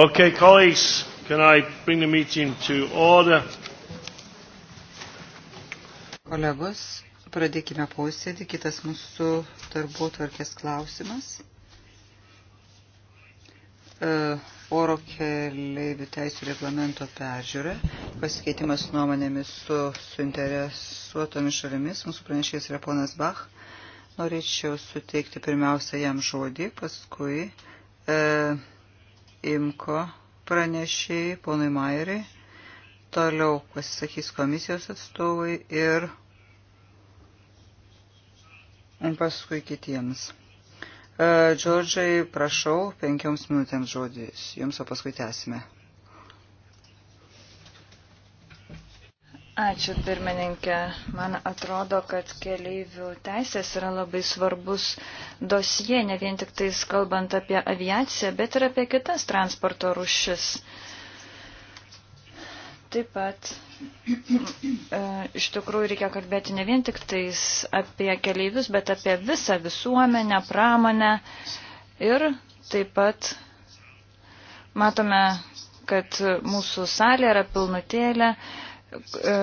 Okay, colleagues, can I bring the meeting to order? Kolegos, pradėkime posėdį. Kitas mūsų darbo tvarkės klausimas. E, oro keliaivių teisų reglamento peržiūra, pasikeitimas nuomonėmis su suinteresuotomis šalimis. Mūsų pranešėjas yra ponas Bach. Norėčiau suteikti pirmiausia jam žodį, paskui. E, imko pranešėjai, ponui Mairiai, toliau pasisakys komisijos atstovai ir paskui kitiems. E, Džordžiai, prašau, penkioms minutėms žodis. Jums, o paskui tęsime. Ačiū, pirmininkė. Man atrodo, kad keleivių teisės yra labai svarbus dosie, ne vien tik tais kalbant apie aviaciją, bet ir apie kitas transporto rušis. Taip pat e, iš tikrųjų reikia kalbėti ne vien tik tais apie keleivius, bet apie visą visuomenę, pramonę ir taip pat matome, kad mūsų salė yra pilnutėlė E,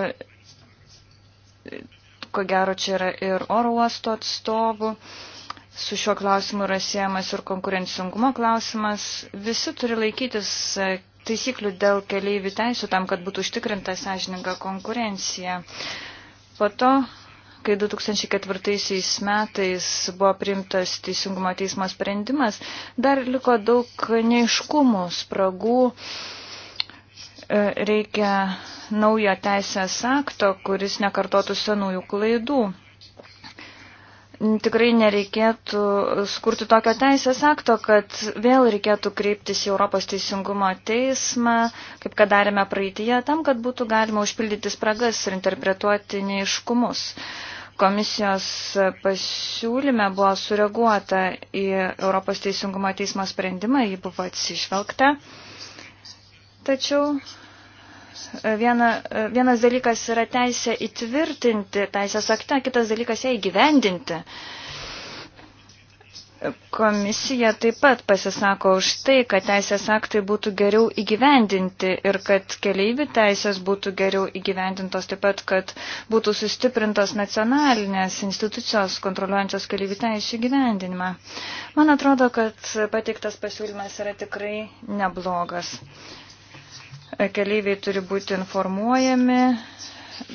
ko gero čia yra ir oro uosto atstovų. Su šiuo klausimu yra siejamas ir konkurencingumo klausimas. Visi turi laikytis e, taisyklių dėl keleivių teisų tam, kad būtų užtikrinta sąžininga konkurencija. Po to, kai 2004 metais buvo priimtas Teisingumo teismo sprendimas, dar liko daug neiškumų, spragų. Uh, E, reikia naujo teisės akto, kuris nekartotų senųjų klaidų. Tikrai nereikėtų skurti tokio teisės akto, kad vėl reikėtų kreiptis į Europos teisingumo teismą, kaip kad darėme praeitie, tam, kad būtų galima užpildyti spragas ir interpretuoti neiškumus. Komisijos pasiūlyme buvo sureaguota į Europos teisingumo teismo sprendimą, jį buvo atsižvelgta. Tačiau e, viena, e, vienas dalykas yra teisė įtvirtinti teisės akte, kitas dalykas ją įgyvendinti. Komisija taip pat pasisako už tai, kad teisės aktai būtų geriau įgyvendinti ir kad keleivių teisės būtų geriau įgyvendintos, taip pat, kad būtų sustiprintos nacionalinės institucijos kontroliuojančios keleivių teisų įgyvendinimą. Man atrodo, kad pateiktas pasiūlymas yra tikrai neblogas. Keleiviai turi būti informuojami,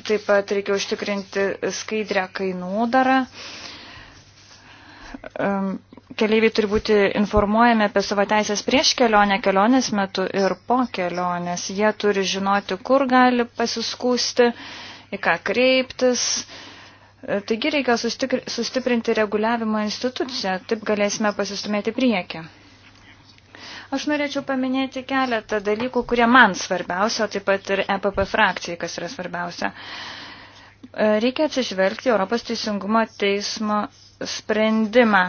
taip pat reikia užtikrinti skaidrę kainodarą. Keleiviai turi būti informuojami apie savo teisės prieš kelionę, kelionės metu ir po kelionės. Jie turi žinoti, kur gali pasiskūsti, į ką kreiptis. E, taigi reikia sustiprinti reguliavimo instituciją, taip galėsime pasistumėti priekį. Aš norėčiau paminėti keletą dalykų, kurie man svarbiausia, o taip pat ir EPP frakcijai, kas yra svarbiausia. E, reikia atsižvelgti Europos teisingumo teismo sprendimą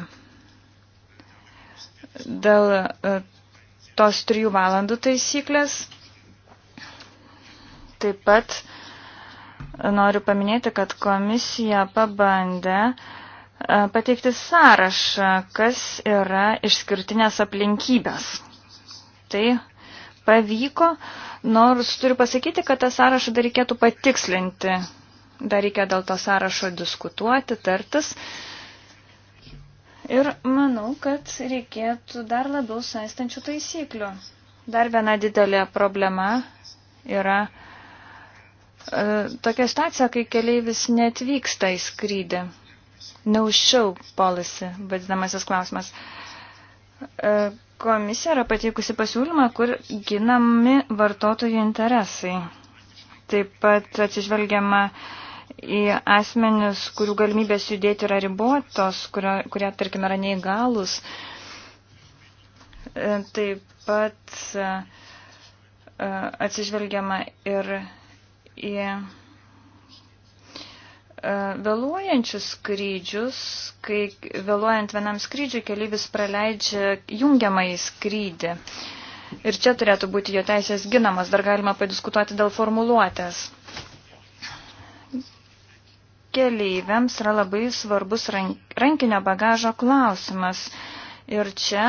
dėl e, tos trijų valandų taisyklės. Taip pat noriu paminėti, kad komisija pabandė e, pateikti sąrašą, kas yra išskirtinės aplinkybės tai pavyko, nors turiu pasakyti, kad tą sąrašą dar reikėtų patikslinti. Dar reikia dėl to sąrašo diskutuoti, tartis. Ir manau, kad reikėtų dar labiau saistančių taisyklių. Dar viena didelė problema yra e, tokia stacija, kai keleivis netvyksta į skrydį. No show policy, vadinamasis klausimas. E, Komisija yra pateikusi pasiūlymą, kur ginami vartotojų interesai. Taip pat atsižvelgiama į asmenis, kurių galimybės judėti yra ribotos, kurio, kurie, tarkim, yra neįgalus. E, taip pat e, e, atsižvelgiama ir į E, vėluojančius skrydžius, kai vėluojant vienam skrydžiui keleivis praleidžia jungiamąjį skrydį. Ir čia turėtų būti jo teisės ginamas, dar galima padiskutuoti dėl formuluotės. Keleiviams yra labai svarbus rankinio bagažo klausimas. Ir čia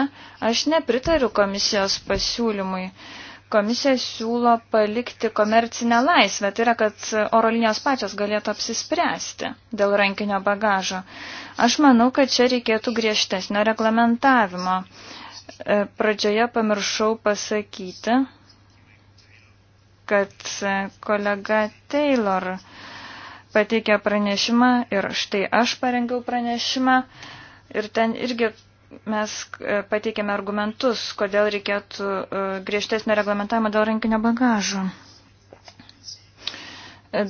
aš nepritariu komisijos pasiūlymui. Uh, komisija siūlo palikti komercinę laisvę, tai yra, kad oro linijos pačios galėtų apsispręsti dėl rankinio bagažo. Aš manau, kad čia reikėtų griežtesnio reglamentavimo. E, pradžioje pamiršau pasakyti, kad e, kolega Taylor pateikė pranešimą ir štai aš parengiau pranešimą ir ten irgi mes e, pateikėme argumentus, kodėl reikėtų e, griežtesnio reglamentavimo dėl rankinio bagažo.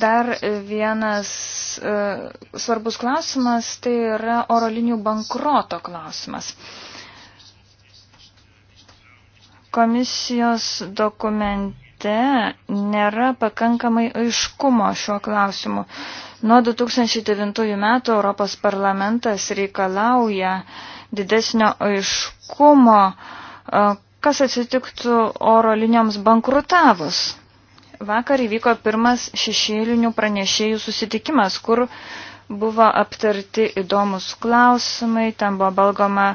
Dar vienas e, svarbus klausimas, tai yra oro linijų bankroto klausimas. Komisijos dokumente nėra pakankamai aiškumo šiuo klausimu. Nuo 2009 metų Europos parlamentas reikalauja uh, didesnio aiškumo, e, kas atsitiktų oro linijoms bankrutavus. Vakar įvyko pirmas šešėlinių pranešėjų susitikimas, kur buvo aptarti įdomus klausimai, tam buvo balgoma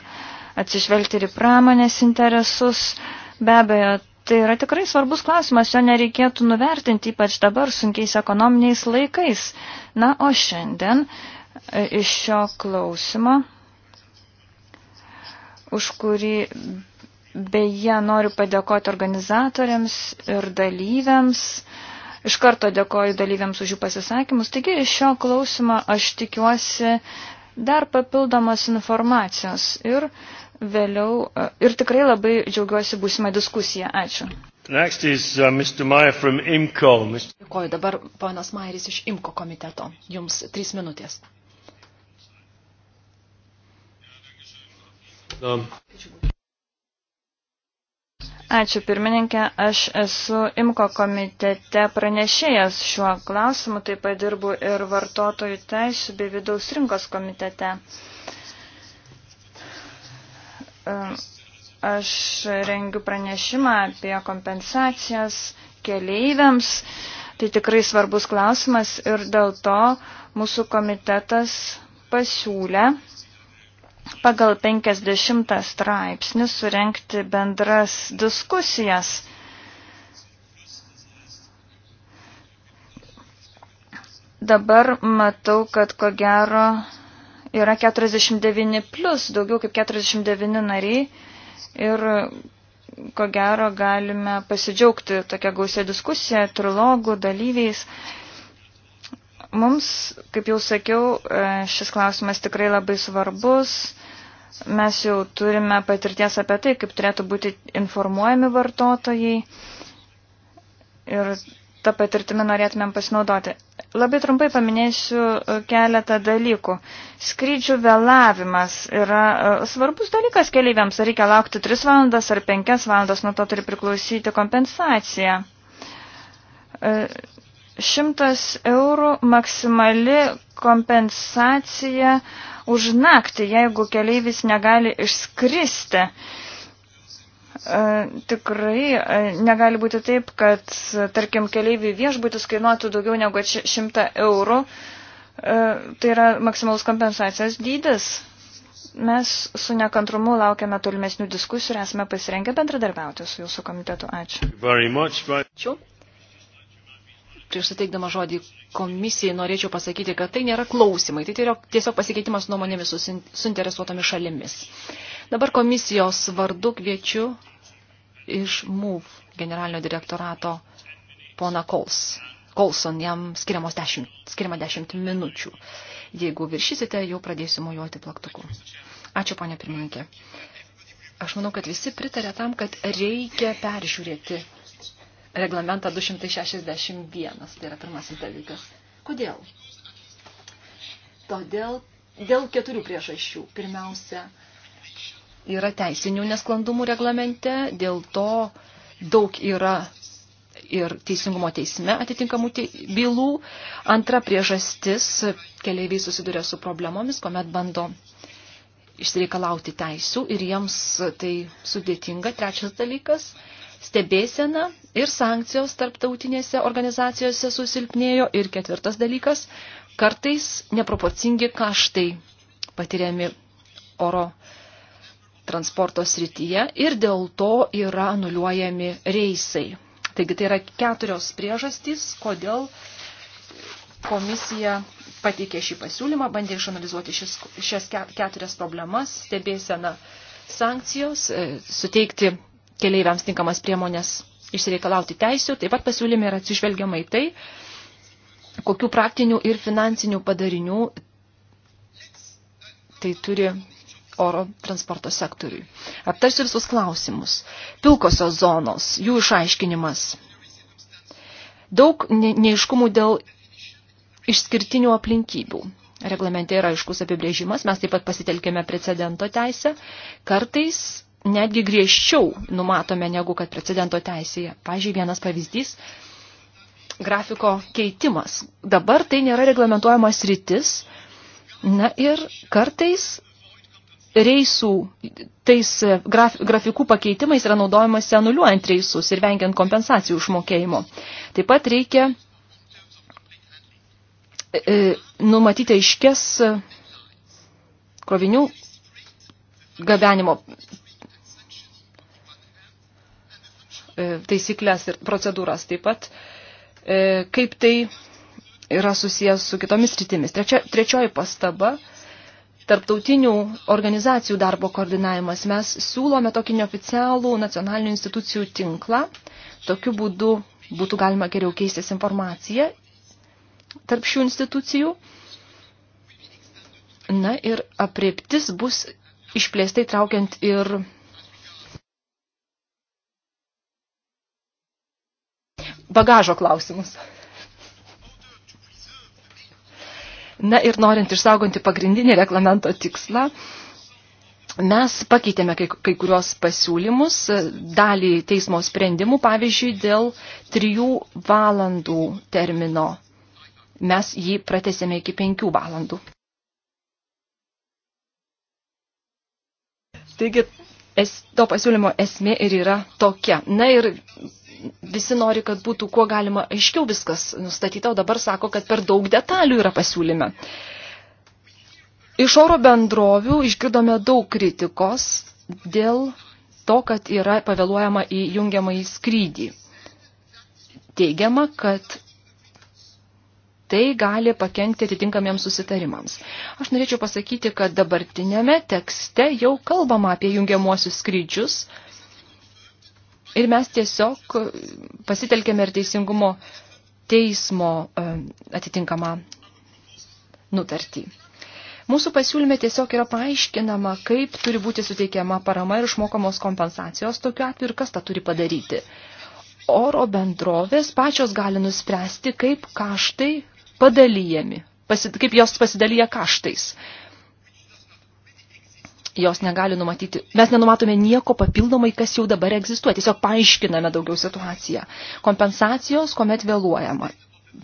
atsižvelgti ir pramonės interesus. Be abejo, tai yra tikrai svarbus klausimas, jo nereikėtų nuvertinti, ypač dabar sunkiais ekonominiais laikais. Na, o šiandien e, iš šio klausimo už kurį beje noriu padėkoti organizatoriams ir dalyviams. Iš karto dėkoju dalyviams už jų pasisakymus. Taigi iš šio klausimo aš tikiuosi dar papildomos informacijos ir vėliau ir tikrai labai džiaugiuosi būsimą diskusiją. Ačiū. Next is uh, Mr. Meyer from IMCO. Mr. Dėkoju dabar ponas Mayeris iš IMCO komiteto. Jums trys minutės. Ačiū pirmininkė, aš esu IMKO komitete pranešėjas šiuo klausimu, taip pat dirbu ir vartotojų teisų bei vidaus rinkos komitete. Aš rengiu pranešimą apie kompensacijas keleiviams. Tai tikrai svarbus klausimas ir dėl to mūsų komitetas pasiūlė pagal 50 straipsnį surenkti bendras diskusijas. Dabar matau, kad ko gero yra 49 plus, daugiau kaip 49 nariai ir ko gero galime pasidžiaugti tokia gausia diskusija, trilogų, dalyviais. Mums, kaip jau sakiau, e, šis klausimas tikrai labai svarbus. Mes jau turime patirties apie tai, kaip turėtų būti informuojami vartotojai ir tą patirtimį norėtumėm pasinaudoti. Labai trumpai paminėsiu e, keletą dalykų. Skrydžių vėlavimas yra e, svarbus dalykas keleiviams, ar reikia laukti 3 valandas ar 5 valandas, nuo to turi priklausyti kompensacija. 100 e, eurų maksimali kompensacija uh, už naktį, jeigu keleivis negali išskristi. E, tikrai e, negali būti taip, kad, tarkim, keleiviui viešbutis kainuotų daugiau negu 100 eurų. E, tai yra maksimalus kompensacijos dydis. Mes su nekantrumu laukiame tolimesnių diskusijų ir esame pasirengę bendradarbiauti su jūsų komitetu. Ačiū. Ačiū prieš suteikdama žodį komisijai norėčiau pasakyti, kad tai nėra klausimai, tai tiesiog pasikeitimas nuomonėmis su suinteresuotomis šalimis. Dabar komisijos vardu kviečiu iš MUV generalinio direktorato pona Kols. Kolson, jam skiriamos 10, skiriama 10 minučių. Jeigu viršysite, jau pradėsiu mojuoti plaktuku. Ačiū, ponia pirmininkė. Aš manau, kad visi pritarė tam, kad reikia peržiūrėti reglamentą 261. Tai yra pirmasis dalykas. Kodėl? Todėl dėl keturių priežasčių. Pirmiausia, yra teisinių nesklandumų reglamente, dėl to daug yra ir teisingumo teisme atitinkamų te bylų. Antra priežastis, keleiviai susiduria su problemomis, kuomet bando išsireikalauti teisų ir jiems tai sudėtinga. Trečias dalykas, stebėsena ir sankcijos tarptautinėse organizacijose susilpnėjo. Ir ketvirtas dalykas, kartais neproporcingi kaštai patiriami oro transporto srityje ir dėl to yra anuliuojami reisai. Taigi tai yra keturios priežastys, kodėl komisija pateikė šį pasiūlymą, bandė išanalizuoti šis, šias keturias problemas, stebėseną sankcijos, e, suteikti keleiviams tinkamas priemonės išsireikalauti teisių. Taip pat pasiūlyme yra atsižvelgiama į tai, kokių praktinių ir finansinių padarinių tai turi oro transporto sektoriui. Aptarsiu visus klausimus. Pilkosios zonos, jų išaiškinimas. Daug neiškumų dėl išskirtinių aplinkybių. Reglamente yra aiškus apibrėžimas, mes taip pat pasitelkėme precedento teisę. Kartais netgi griežčiau numatome negu kad precedento teisėje. Pavyzdžiui, vienas pavyzdys – grafiko keitimas. Dabar tai nėra reglamentuojamas rytis, na ir kartais reisų, tais e, graf, grafikų pakeitimais yra naudojamas anuliuojant reisus ir vengiant kompensacijų užmokėjimo. Taip pat reikia e, numatyti aiškės e, krovinių gabenimo E, taisyklės ir procedūras taip pat, e, kaip tai yra susijęs su kitomis rytimis. Trečia, trečioji pastaba – tarptautinių organizacijų darbo koordinavimas. Mes siūlome tokį neoficialų nacionalinių institucijų tinklą. Tokiu būdu būtų galima geriau keistis informaciją tarp šių institucijų. Na ir apriptis bus išplėstai traukiant ir bagažo klausimus. Na ir norint išsaugoti pagrindinį reglamento tikslą, mes pakeitėme kai, kai kurios pasiūlymus, dalį teismo sprendimų, pavyzdžiui, dėl trijų valandų termino. Mes jį pratesėme iki penkių valandų. Taigi, es, to pasiūlymo esmė ir yra tokia. Na ir visi nori, kad būtų kuo galima aiškiau viskas nustatyta, o dabar sako, kad per daug detalių yra pasiūlyme. Iš oro bendrovių išgirdome daug kritikos dėl to, kad yra pavėluojama į jungiamą į skrydį. Teigiama, kad tai gali pakengti atitinkamiems susitarimams. Aš norėčiau pasakyti, kad dabartinėme tekste jau kalbama apie jungiamuosius skrydžius, Ir mes tiesiog pasitelkėme ir teisingumo teismo e, atitinkamą nutartį. Mūsų pasiūlyme tiesiog yra paaiškinama, kaip turi būti suteikiama parama ir išmokamos kompensacijos tokiu atveju ir kas tą turi padaryti. Oro bendrovės pačios gali nuspręsti, kaip kaštai padalyjami, pasi, kaip jos pasidalyja kaštais. Uh, jos negali numatyti, mes nenumatome nieko papildomai, kas jau dabar egzistuoja, tiesiog paaiškiname daugiau situaciją. Kompensacijos, kuomet vėluojama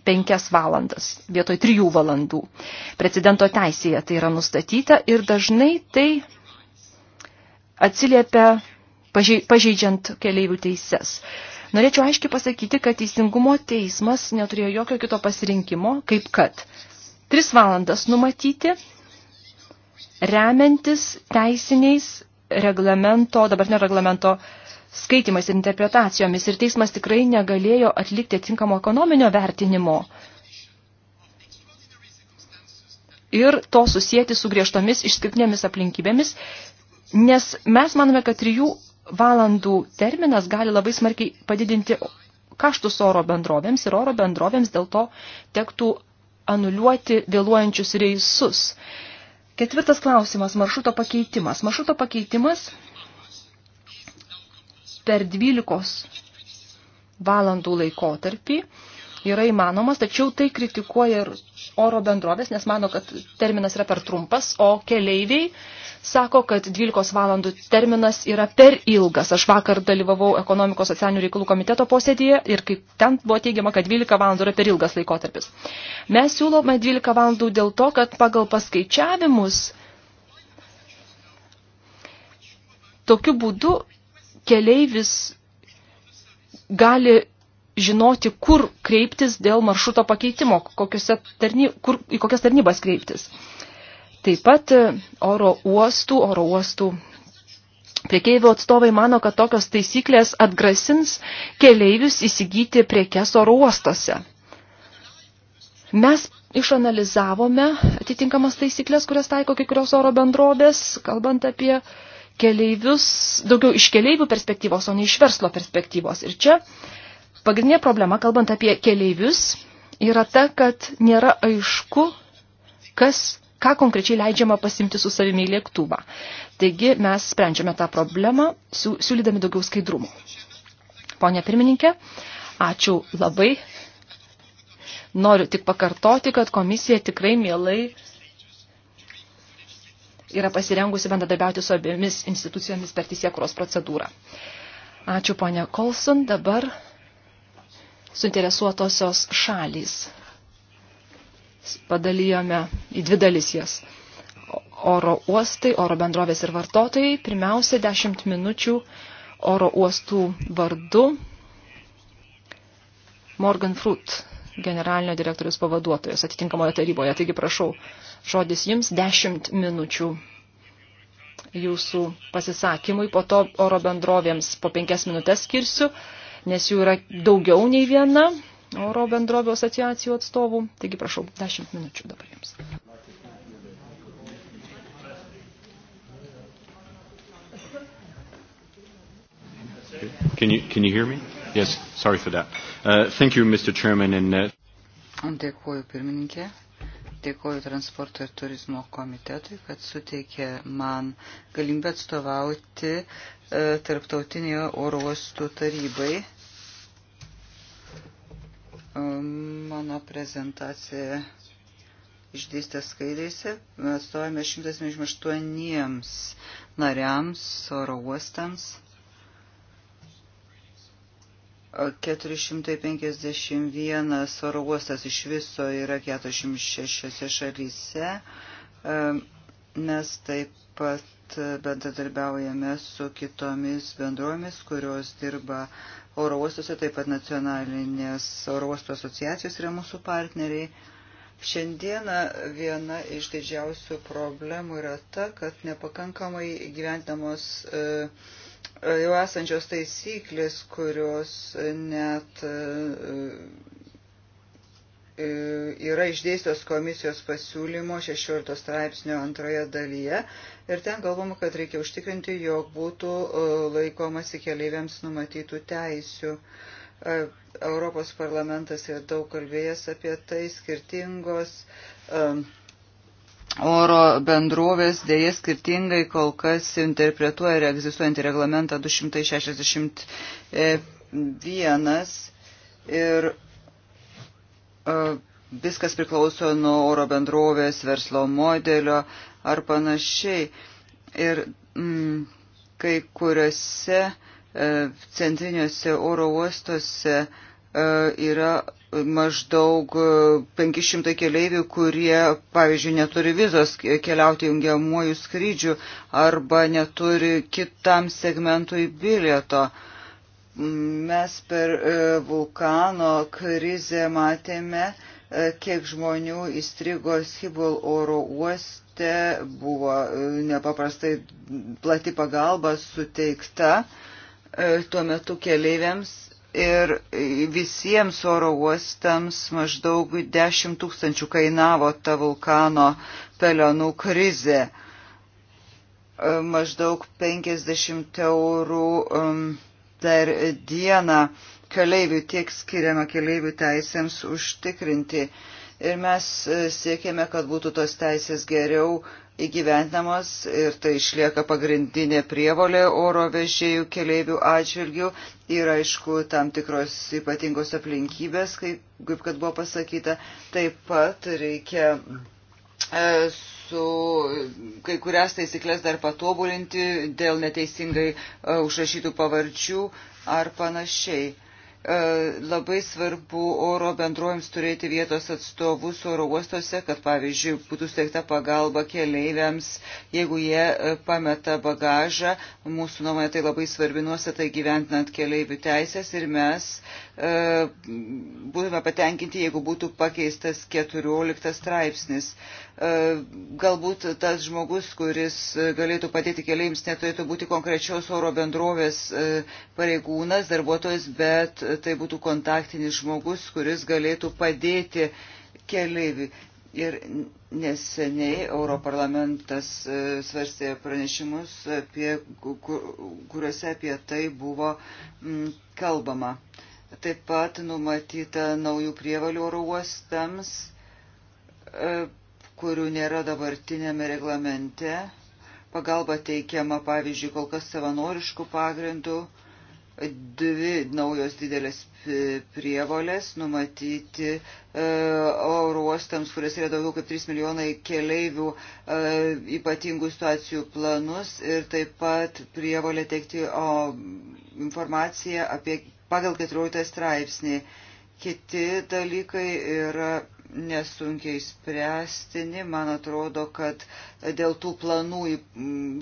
penkias valandas vietoj trijų valandų. Precedento teisėje tai yra nustatyta ir dažnai tai atsiliepia pažeidžiant keleivių teises. Norėčiau aiškiai pasakyti, kad teisingumo teismas neturėjo jokio kito pasirinkimo, kaip kad tris valandas numatyti remiantis teisiniais reglamento, dabartinio reglamento skaitimais ir interpretacijomis. Ir teismas tikrai negalėjo atlikti atinkamo ekonominio vertinimo ir to susijęti su griežtomis išskirtinėmis aplinkybėmis, nes mes manome, kad trijų valandų terminas gali labai smarkiai padidinti kaštus oro bendrovėms ir oro bendrovėms dėl to tektų anuliuoti vėluojančius reisus. Ketvirtas klausimas – maršruto pakeitimas. Maršruto pakeitimas per 12 valandų laikotarpį yra įmanomas, tačiau tai kritikuoja ir oro bendrovės, nes mano, kad terminas yra per trumpas, o keleiviai sako, kad 12 valandų terminas yra per ilgas. Aš vakar dalyvavau ekonomikos socialinių reikalų komiteto posėdėje ir kaip ten buvo teigiama, kad 12 valandų yra per ilgas laikotarpis. Mes siūlome 12 valandų dėl to, kad pagal paskaičiavimus tokiu būdu keleivis gali žinoti, kur kreiptis dėl maršruto pakeitimo, tarny, kur, į kokias tarnybas kreiptis. Taip pat e, oro uostų, oro uostų priekeivių atstovai mano, kad tokios taisyklės atgrasins keleivius įsigyti priekes oro uostose. Mes išanalizavome atitinkamas taisyklės, kurias taiko kiekvienos oro bendrovės, kalbant apie keleivius, daugiau iš keleivių perspektyvos, o ne iš verslo perspektyvos. Ir čia uh, Pagrindinė problema, kalbant apie keleivius, yra ta, kad nėra aišku, kas, ką konkrečiai leidžiama pasimti su savimi į lėktuvą. Taigi mes sprendžiame tą problemą, siūlydami daugiau skaidrumo. Pone pirmininkė, ačiū labai. Noriu tik pakartoti, kad komisija tikrai mielai yra pasirengusi bendradarbiauti su abiemis institucijomis per teisėkuros procedūrą. Ačiū, ponia Kolson. Dabar suinteresuotosios šalys. Padalijome į dvi dalis jas. Oro uostai, oro bendrovės ir vartotojai. Pirmiausia, 10 minučių oro uostų vardu Morgan Fruit generalinio direktorius pavaduotojas atitinkamoje taryboje. Taigi prašau, žodis jums 10 minučių jūsų pasisakymui, po to oro bendrovėms po 5 minutės skirsiu nes jų yra daugiau nei viena oro bendrovio asociacijų atstovų. Taigi prašau, 10 minučių dabar jums. Can you, can you hear me? Yes, sorry for that. Uh, thank you, Mr. Chairman. And, uh... Dėkuoju pirmininkė, dėkuoju transporto ir turizmo komitetui, kad suteikė man galimybę atstovauti uh, tarptautinėje oro uostų tarybai. Uh, Mano prezentacija išdėstė skaidrėse. Atstovame 178 nariams, oro uostams. 451 oro uostas iš viso yra 46 šalyse. E, mes taip pat bendradarbiaujame su kitomis bendromis, kurios dirba uh, oro uostuose, taip pat nacionalinės oro uostų asociacijos yra mūsų partneriai. Šiandieną viena iš didžiausių problemų yra ta, kad nepakankamai gyventamos e, e, jau esančios taisyklės, kurios net e, E, yra išdėstos komisijos pasiūlymo 16 straipsnio antroje dalyje ir ten galvoma, kad reikia užtikrinti, jog būtų e, laikomasi keleiviams numatytų teisių. E, Europos parlamentas yra daug kalbėjęs apie tai skirtingos. Um, Oro bendrovės dėja skirtingai kol kas interpretuoja ir egzistuojantį reglamentą 261 ir viskas priklauso nuo oro bendrovės, verslo modelio ar panašiai. Ir mm, kai kuriuose e, centriniuose oro uostuose e, yra maždaug 500 e, keleivių, kurie, pavyzdžiui, neturi vizos keliauti jungiamuoju skrydžiu arba neturi kitam segmentui bilieto. Uh, Mes per e, vulkano krizę matėme, e, kiek žmonių įstrigo Schibol oro uoste, buvo e, nepaprastai plati pagalba suteikta tuo metu keleiviams ir visiems oro uostams maždaug 10 tūkstančių kainavo ta vulkano pelenų krizė. Maždaug 50 eurų per dieną keleivių tiek skiriama keleivių teisėms užtikrinti. Ir mes e, siekėme, kad būtų tos teisės geriau įgyventinamos ir tai išlieka pagrindinė prievolė oro vežėjų keleivių atžvilgių ir aišku tam tikros ypatingos aplinkybės, kaip, kaip kad buvo pasakyta, taip pat reikia e, su kai kurias taisyklės dar patobulinti dėl neteisingai e, užrašytų pavardžių ar panašiai. E, labai svarbu oro bendrojams turėti vietos atstovus oro uostuose, kad pavyzdžiui būtų steigta pagalba keleiviams, jeigu jie e, pameta bagažą. Mūsų nuomonė tai labai svarbi nuostata gyventinant keleivių teisės ir mes e, būtume patenkinti, jeigu būtų pakeistas 14 straipsnis. E, galbūt tas žmogus, kuris galėtų padėti keleiviams, neturėtų būti konkrečios oro bendrovės e, pareigūnas, darbuotojas, bet tai būtų kontaktinis žmogus, kuris galėtų padėti keleiviui. Ir neseniai Europarlamentas e, svarstė pranešimus, apie, kuriuose apie tai buvo mm, kalbama. Taip pat numatyta naujų prievalių oro uostams, e, kurių nėra dabartinėme reglamente. Pagalba teikiama, pavyzdžiui, kol kas savanoriškų pagrindų dvi naujos didelės prievolės numatyti e, oro uostams, kurias yra daugiau kaip 3 milijonai keleivių e, ypatingų situacijų planus ir taip pat prievolė teikti informaciją apie pagal 14 straipsnį. Kiti dalykai yra nesunkiai spręstini. Man atrodo, kad dėl tų planų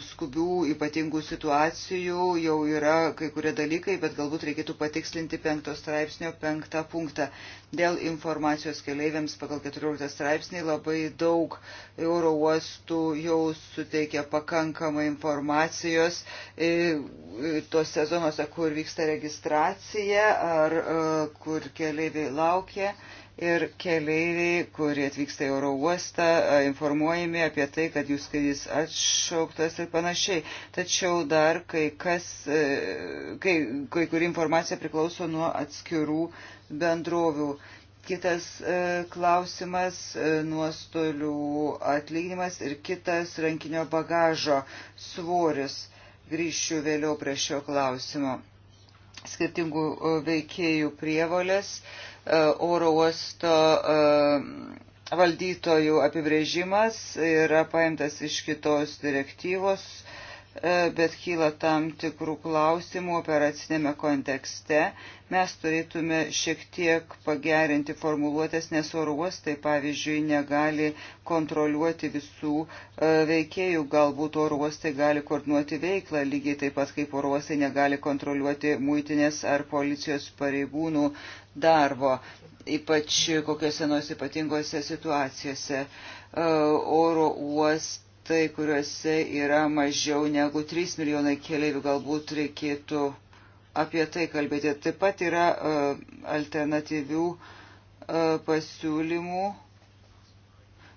skubių ypatingų situacijų jau yra kai kurie dalykai, bet galbūt reikėtų patikslinti penkto straipsnio penktą punktą. Dėl informacijos keleiviams pagal 14 straipsnį labai daug euro uostų jau suteikia pakankamai informacijos e, e, tos sezonuose, kur vyksta registracija ar e, kur keleiviai laukia ir keleiviai, kurie atvyksta į oro uostą, informuojami apie tai, kad jų skrydis atšauktas ir panašiai. Tačiau dar kai, kas, e, kai, kai kuri informacija priklauso nuo atskirų bendrovių. Kitas e, klausimas e, - nuostolių atlyginimas ir kitas rankinio bagažo svoris. Grįšiu vėliau prie šio klausimo. Skirtingų veikėjų prievolės. E, E, oro uosto e, valdytojų apibrėžimas yra paimtas iš kitos direktyvos E, bet kyla tam tikrų klausimų operacinėme kontekste. Mes turėtume šiek tiek pagerinti formuluotės, nes oro uostai, pavyzdžiui, negali kontroliuoti visų e, veikėjų. Galbūt oro uostai gali koordinuoti veiklą, lygiai taip pat kaip oro uostai negali kontroliuoti muitinės ar policijos pareigūnų darbo, ypač kokiuose nors ypatingose situacijose. E, oro uostai tai, kuriuose yra mažiau negu 3 milijonai keliaivių, galbūt reikėtų apie tai kalbėti. Taip pat yra e, alternatyvių e, pasiūlymų.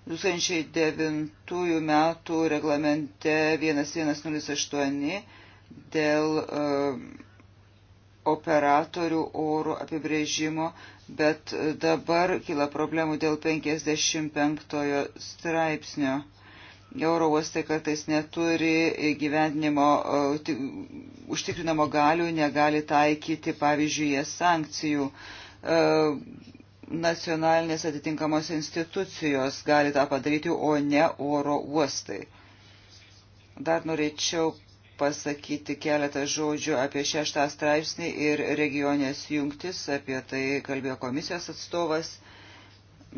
2009 metų reglamente 1108 dėl e, operatorių oro apibrėžimo, bet dabar kila problemų dėl 55 straipsnio Euro uostai kartais neturi gyvenimo e, užtikrinamo galių, negali taikyti, pavyzdžiui, jie sankcijų. E, nacionalinės atitinkamos institucijos gali tą padaryti, o ne oro uostai. Dar norėčiau pasakyti keletą žodžių apie šeštą straipsnį ir regionės jungtis, apie tai kalbėjo komisijos atstovas.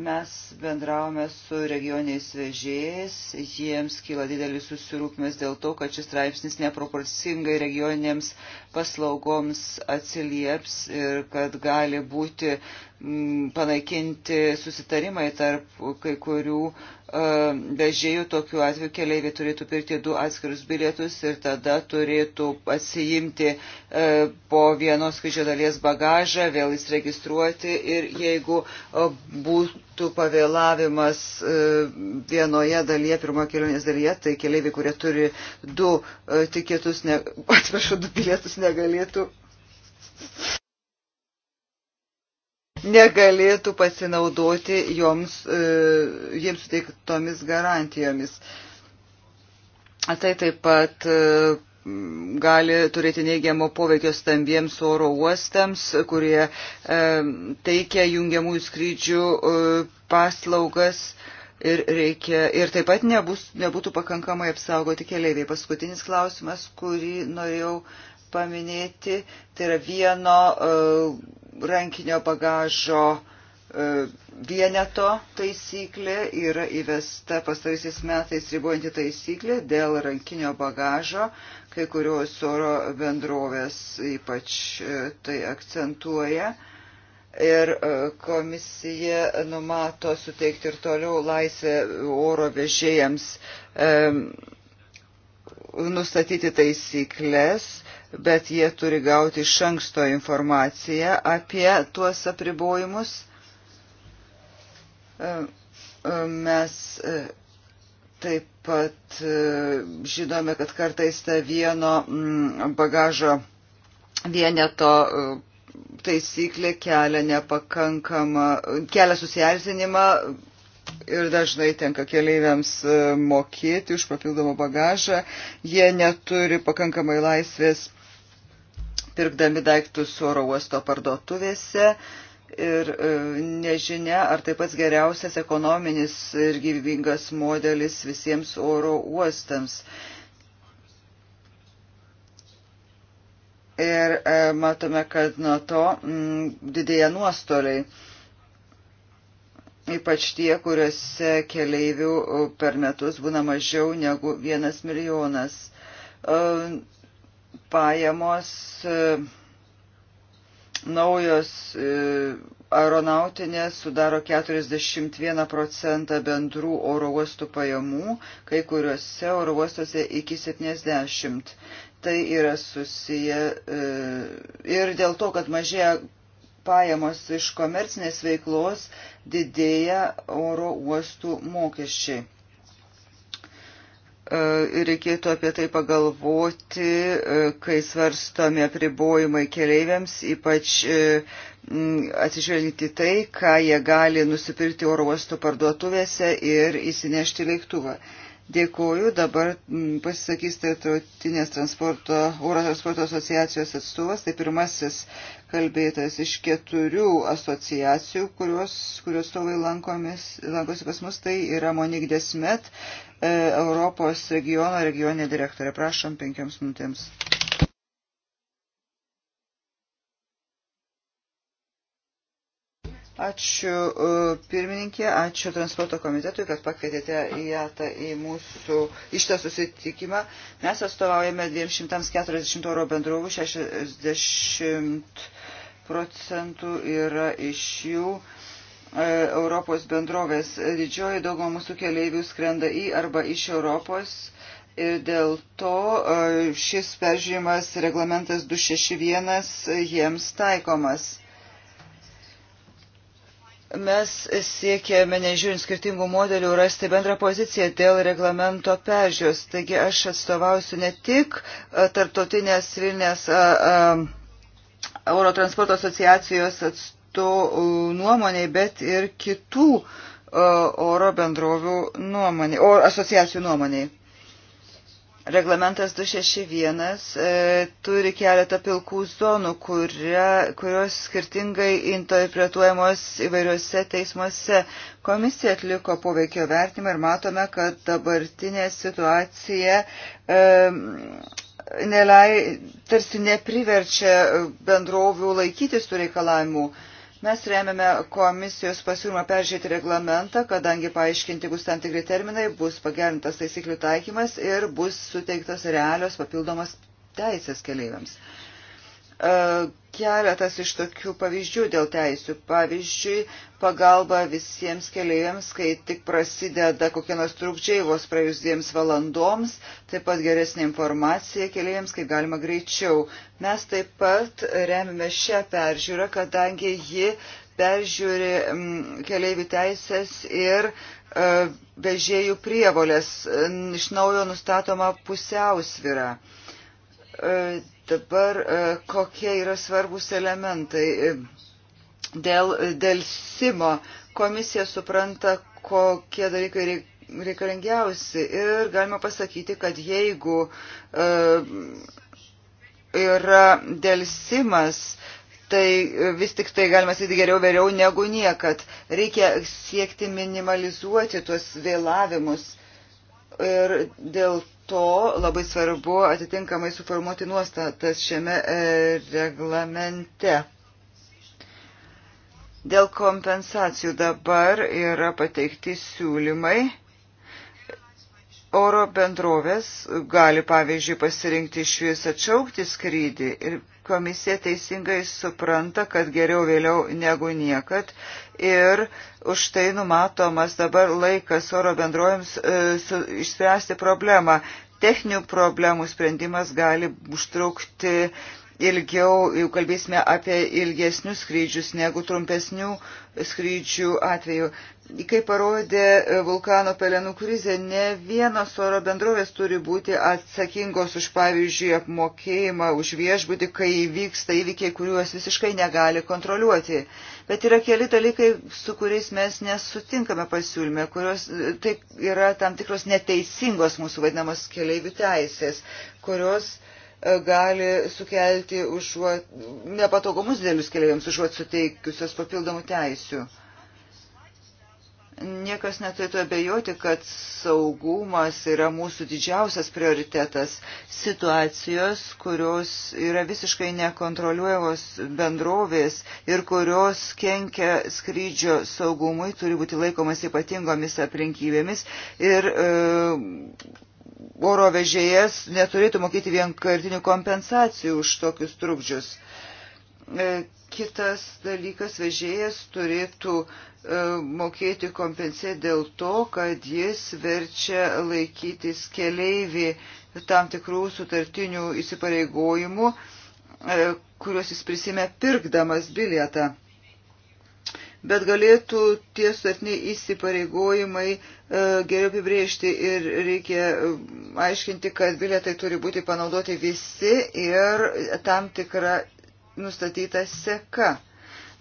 Mes bendravome su regioniais vežėjais, jiems kyla didelis susirūpimas dėl to, kad šis straipsnis neproporcingai regioninėms paslaugoms atsilieps ir kad gali būti mm, panaikinti susitarimai tarp kai kurių uh, E, vežėjų tokiu atveju keleiviai turėtų pirkti du atskirus bilietus ir tada turėtų pasiimti e, po vienos skrydžio dalies bagažą, vėl įsiregistruoti ir jeigu e, būtų pavėlavimas vienoje dalyje, pirmo kelionės dalyje, tai keleiviai, kurie turi du tiketus, ne, atsiprašau, du bilietus negalėtų negalėtų pasinaudoti joms, e, jiems suteiktomis garantijomis. Tai taip pat e, gali turėti neigiamo poveikio stambiems oro uostams, kurie e, teikia jungiamųjų skrydžių paslaugas ir, reikia, ir taip pat nebus, nebūtų pakankamai apsaugoti keliaiviai. Paskutinis klausimas, kurį norėjau paminėti, tai yra vieno uh, rankinio bagažo e, vieneto taisyklė yra įvesta pastarysiais metais ribojanti taisyklė dėl rankinio bagažo, kai kurios oro bendrovės ypač e, tai akcentuoja. Ir e, komisija numato suteikti ir toliau laisvę oro vežėjams nustatyti taisyklės, bet jie turi gauti iš anksto informaciją apie tuos apribojimus. E, e, mes e, taip pat žinome, kad kartais ta vieno bagažo vieneto taisyklė kelia nepakankamą, kelia susierzinimą ir dažnai tenka keleiviams e, mokėti už papildomą bagažą. Jie neturi pakankamai laisvės pirkdami daiktus oro uosto parduotuvėse ir e, nežinia, ar tai pats geriausias ekonominis ir gyvybingas modelis visiems oro uostams. Ir e, matome, kad nuo to didėja nuostoliai ypač tie, kuriuose keleivių per metus būna mažiau negu vienas milijonas. E, pajamos e, naujos e, aeronautinės sudaro 41 procentą bendrų oro uostų pajamų, kai kuriuose oro uostuose iki 70. Tai yra susiję ir dėl to, kad mažėja pajamos iš komercinės veiklos didėja oro uostų mokesčiai. E, ir reikėtų apie tai pagalvoti, e, kai svarstomi apribojimai keleiviams, ypač e, atsižvelgti tai, ką jie gali nusipirkti oro uosto parduotuvėse ir įsinešti lėktuvą. Dėkuoju. Dabar mm, pasisakys Tartautinės transporto, oro transporto asociacijos atstovas. Tai pirmasis kalbėtas iš keturių asociacijų, kurios, kurios stovai lankosi pas mus. Tai yra Monik Desmet, e, Europos regiono regioninė direktorė. Prašom penkioms minutėms. Ačiū e, pirmininkė, ačiū transporto komitetui, kad pakvietėte į, atą, į mūsų ištą susitikimą. Mes atstovaujame 240 oro bendrovų, 60 procentų yra iš jų e, Europos bendrovės. Didžioji dauguma mūsų keleivių skrenda į arba iš Europos ir dėl to e, šis peržiūrimas reglamentas 261 jiems taikomas Mes siekėme, nežiūrint skirtingų modelių, rasti bendrą poziciją dėl reglamento peržiūros. Taigi aš atstovausiu ne tik e, tarptautinės civilinės e, e, Eurotransporto asociacijos atstovų nuomoniai, bet ir kitų oro bendrovių nuomonė, oro asociacijų nuomoniai. Reglamentas 261 e, turi keletą pilkų zonų, kuria, kurios skirtingai interpretuojamos įvairiuose teismuose. Komisija atliko poveikio vertimą ir matome, kad dabartinė situacija e, nelei, tarsi nepriverčia bendrovių laikytis tų reikalavimų. E, Mes remiame komisijos pasiūlymą peržiūrėti reglamentą, kadangi paaiškinti bus tam tikri terminai, bus pagerintas taisyklių taikymas ir bus suteiktos realios papildomas teisės keleiviams. E, keletas iš tokių pavyzdžių dėl teisių. Pavyzdžiui, pagalba visiems keliaiviams, kai tik prasideda kokie nors trukdžiai vos praėjus dviems valandoms, taip pat geresnė informacija keliaiviams, kaip galima greičiau. Mes taip pat remime šią peržiūrą, kadangi ji peržiūri keliaivių teisės ir e, vežėjų prievolės. Iš naujo nustatoma pusiausvyra e, Dabar e, kokie yra svarbus elementai. E, dėl e, dėlsimo komisija supranta, kokie dalykai reikalingiausi ir galima pasakyti, kad jeigu yra dėlsimas, tai vis tik tai galima sakyti geriau vėliau negu niekad. Reikia siekti minimalizuoti tuos vėlavimus ir dėl to labai svarbu atitinkamai suformuoti nuostatas šiame e, reglamente. Dėl kompensacijų dabar yra pateikti siūlymai. Oro bendrovės gali, pavyzdžiui, pasirinkti iš vis atšaukti skrydį ir komisija teisingai supranta, kad geriau vėliau negu niekad ir už tai numatomas dabar laikas oro bendrojams e, su, išspręsti problemą. Techninių problemų sprendimas gali užtrukti ilgiau, jau kalbėsime apie ilgesnius skrydžius negu trumpesnių skrydžių atveju. Kaip parodė e, vulkano pelenų krizė, ne vienos oro bendrovės turi būti atsakingos už, pavyzdžiui, apmokėjimą už viešbutį, kai vyksta įvykiai, kuriuos visiškai negali kontroliuoti. Bet yra keli dalykai, su kuriais mes nesutinkame pasiūlyme, kurios e, taip yra tam tikros neteisingos mūsų vadinamos keliaivių teisės, kurios e, gali sukelti užuot nepatogumus dėlius keliaiviams užuot suteikiusios papildomų teisių. Niekas neturėtų abejoti, kad saugumas yra mūsų didžiausias prioritetas. Situacijos, kurios yra visiškai nekontroliuojamos bendrovės ir kurios kenkia skrydžio saugumui, turi būti laikomas ypatingomis aplinkybėmis. Ir, e, Oro vežėjas neturėtų mokėti vienkartinių kompensacijų už tokius trukdžius. E, kitas dalykas vežėjas turėtų E, mokėti kompensiją dėl to, kad jis verčia laikytis keleivį tam tikrų sutartinių įsipareigojimų, e, kuriuos jis prisimė pirkdamas bilietą. Bet galėtų tie sutartiniai įsipareigojimai e, geriau apibriežti ir reikia aiškinti, kad bilietai turi būti panaudoti visi ir tam tikra nustatyta seka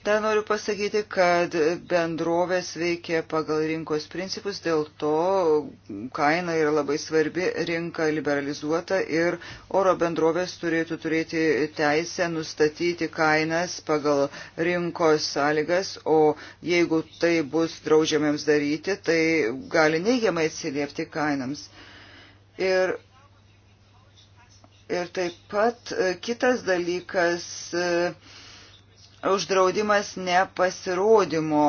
Ten noriu pasakyti, kad bendrovės veikia pagal rinkos principus, dėl to kaina yra labai svarbi, rinka liberalizuota ir oro bendrovės turėtų turėti teisę nustatyti kainas pagal rinkos sąlygas, o jeigu tai bus draudžiamiems daryti, tai gali neigiamai atsiliepti kainams. Ir Ir taip pat kitas dalykas, e, uždraudimas nepasirodymo,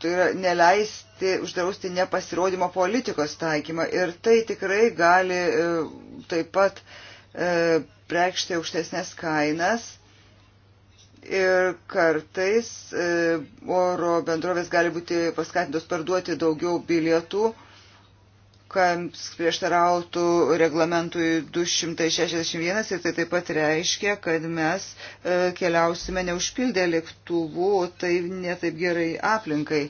tai yra neleisti uždrausti nepasirodymo politikos taikymą ir tai tikrai gali e, taip pat e, prekšti aukštesnės kainas ir kartais e, oro bendrovės gali būti paskatintos parduoti daugiau bilietų kas prieštarautų reglamentui 261 ir tai taip pat reiškia, kad mes e, keliausime neužpildę lėktuvų, tai netaip gerai aplinkai.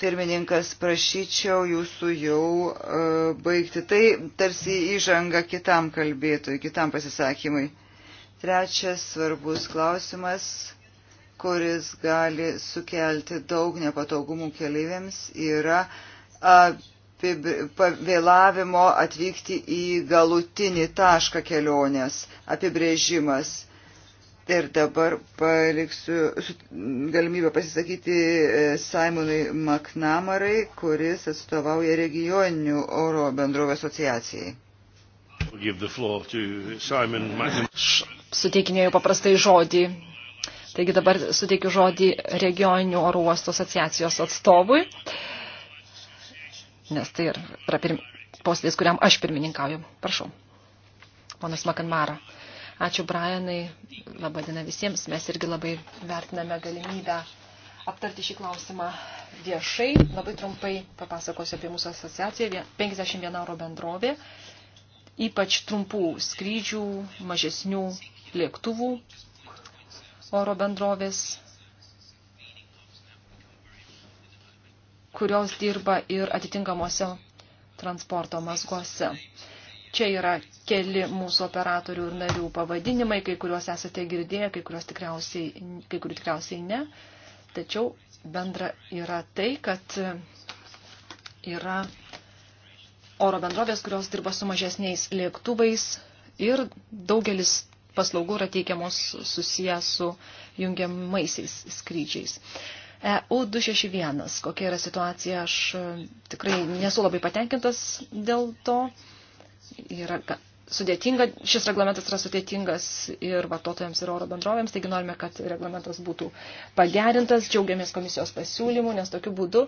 Pirmininkas, prašyčiau jūsų jau uh, baigti. Tai tarsi įžanga kitam kalbėtojui, kitam pasisakymui. Trečias svarbus klausimas kuris gali sukelti daug nepatogumų keleiviams, yra Tai vėlavimo atvykti į galutinį tašką kelionės apibrėžimas. Ir dabar paliksiu galimybę pasisakyti e, Simonui Maknamarai, kuris atstovauja regioninių oro bendrovų asociacijai. Aš suteikinėjau paprastai žodį. Taigi dabar suteikiu žodį regioninių oro uostų asociacijos atstovui. Uh, nes tai yra pirm... posėdis, kuriam aš pirmininkauju. Prašau. Ponas Makanmara. Ačiū, Brianai. Labadiena visiems. Mes irgi labai vertiname galimybę aptarti šį klausimą viešai. Labai trumpai papasakosiu apie mūsų asociaciją. 51 euro bendrovė. Ypač trumpų skrydžių, mažesnių lėktuvų oro bendrovės kurios dirba ir atitinkamuose transporto mazguose. Čia yra keli mūsų operatorių ir narių pavadinimai, kai kuriuos esate girdėję, kai, kuriuos tikriausiai, kai kurių tikriausiai ne. Tačiau bendra yra tai, kad yra oro bendrovės, kurios dirba su mažesniais lėktuvais ir daugelis paslaugų yra teikiamos susiję su jungiamaisiais skrydžiais. EU261. Kokia yra situacija, aš e, tikrai nesu labai patenkintas dėl to. Yra sudėtinga, šis reglamentas yra sudėtingas ir vartotojams ir oro bendrovėms, taigi norime, kad reglamentas būtų pagerintas, džiaugiamės komisijos pasiūlymų, nes tokiu būdu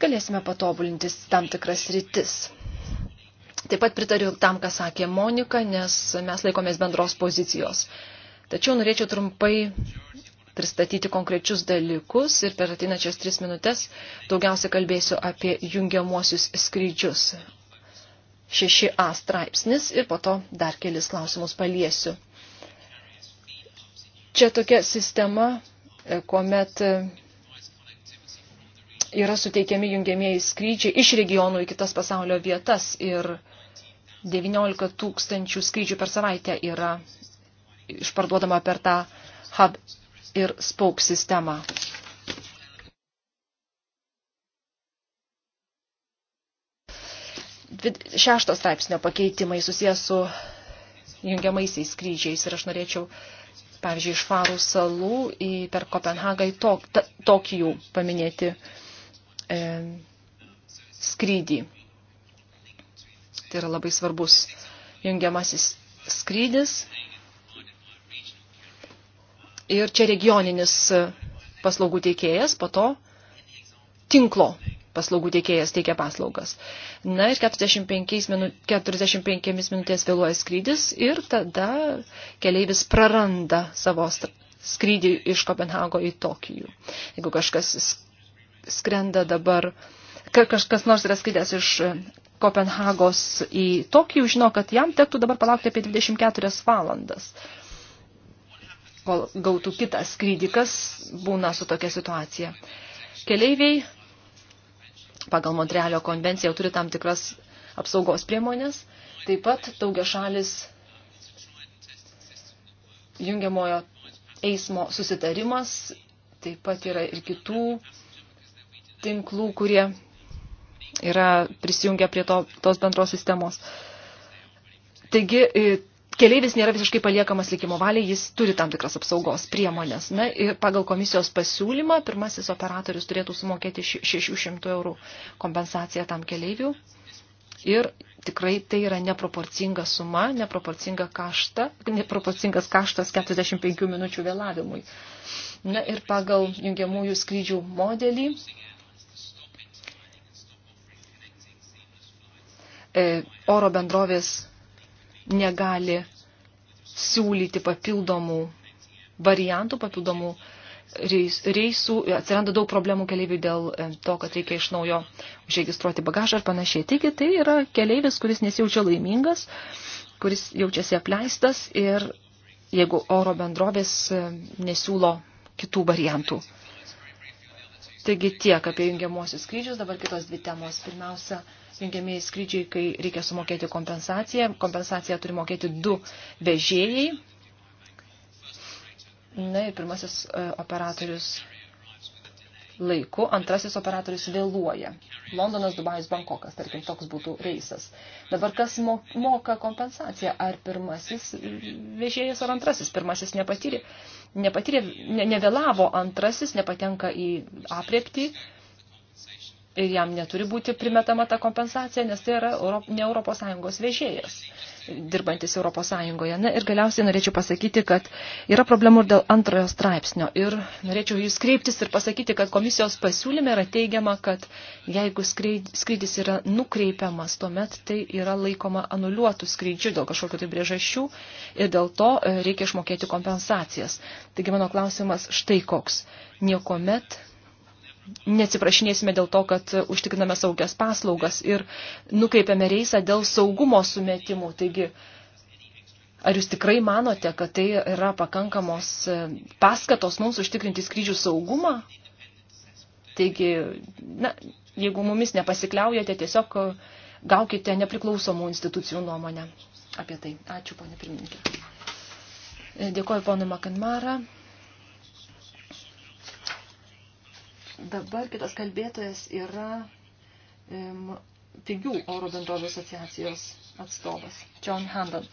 galėsime patobulintis tam tikras rytis. Taip pat pritariu tam, ką sakė Monika, nes mes laikomės bendros pozicijos. Tačiau norėčiau trumpai pristatyti konkrečius dalykus ir per ateinačias tris minutės daugiausia kalbėsiu apie jungiamuosius skrydžius. 6a straipsnis ir po to dar kelis klausimus paliesiu. Čia tokia sistema, e, kuomet e, yra suteikiami jungiamieji skrydžiai iš regionų į kitas pasaulio vietas ir 19 tūkstančių skrydžių per savaitę yra išparduodama per tą hub ir spauk sistemą. Šešto straipsnio pakeitimai susijęs su jungiamaisiais skrydžiais ir aš norėčiau, pavyzdžiui, iš Farų salų į, per Kopenhagą į tok, ta, Tokijų paminėti e, skrydį. Tai yra labai svarbus jungiamasis skrydis ir čia regioninis paslaugų teikėjas, po to tinklo paslaugų teikėjas teikia paslaugas. Na ir 45, minu, 45 minutės vėluoja skrydis ir tada keleivis praranda savo skrydį iš Kopenhago į Tokijų. Jeigu kažkas skrenda dabar, kažkas nors yra skridęs iš Kopenhagos į Tokijų, žino, kad jam tektų dabar palaukti apie 24 valandas kol gautų kitą skrydį, kas būna su tokia situacija. Keleiviai pagal Montrealio konvenciją turi tam tikras apsaugos priemonės, taip pat daugia šalis jungiamojo eismo susitarimas, taip pat yra ir kitų tinklų, kurie yra prisijungę prie to, tos bendros sistemos. Taigi, e, keleivis nėra visiškai paliekamas likimo valiai, jis turi tam tikras apsaugos priemonės. Na, ir pagal komisijos pasiūlymą pirmasis operatorius turėtų sumokėti 600 eurų kompensaciją tam keleiviu. Ir tikrai tai yra neproporcinga suma, neproporcinga kašta, neproporcingas kaštas 45 minučių vėlavimui. Na ir pagal jungiamųjų skrydžių modelį e, oro bendrovės negali siūlyti papildomų variantų, papildomų reisų, atsiranda daug problemų keleiviui dėl e, to, kad reikia iš naujo užregistruoti bagažą ar panašiai. Taigi tai yra keleivis, kuris nesijaučia laimingas, kuris jaučiasi apleistas ir jeigu oro bendrovės e, nesiūlo kitų variantų. Taigi tiek apie jungiamuosius skrydžius, dabar kitos dvi temos. Pirmiausia, jungiamieji skrydžiai, kai reikia sumokėti kompensaciją. Kompensaciją turi mokėti du vežėjai. Na ir pirmasis e, operatorius laiku, antrasis operatorius vėluoja. Londonas, Dubajus, Bankokas, tarkim, toks būtų reisas. Dabar kas moka kompensaciją? Ar pirmasis vežėjas ar antrasis? Pirmasis nepatyrė, nepatyrė ne, nevėlavo, antrasis nepatenka į apriepti ir jam neturi būti primetama ta kompensacija, nes tai yra Europ, ne Europos Sąjungos vežėjas dirbantis Europos Sąjungoje. Na ir galiausiai norėčiau pasakyti, kad yra problemų ir dėl antrojo straipsnio. Ir norėčiau jūs kreiptis ir pasakyti, kad komisijos pasiūlyme yra teigiama, kad jeigu skrydis yra nukreipiamas, tuomet tai yra laikoma anuliuotų skrydžių dėl kažkokių tai priežasčių ir dėl to e, reikia išmokėti kompensacijas. Taigi mano klausimas štai koks. Niekuomet neatsiprašinėsime dėl to, kad užtikriname saugias paslaugas ir nukreipiame reisą dėl saugumo sumetimų. Taigi, ar jūs tikrai manote, kad tai yra pakankamos e, paskatos mums užtikrinti skrydžių saugumą? Taigi, na, jeigu mumis nepasikliaujate, tiesiog e, gaukite nepriklausomų institucijų nuomonę apie tai. Ačiū, ponė pirmininkė. E, Dėkuoju, ponui Makanmara. Dabar kitas kalbėtojas yra um, pigių oro bendrovų asociacijos atstovas, John Handon.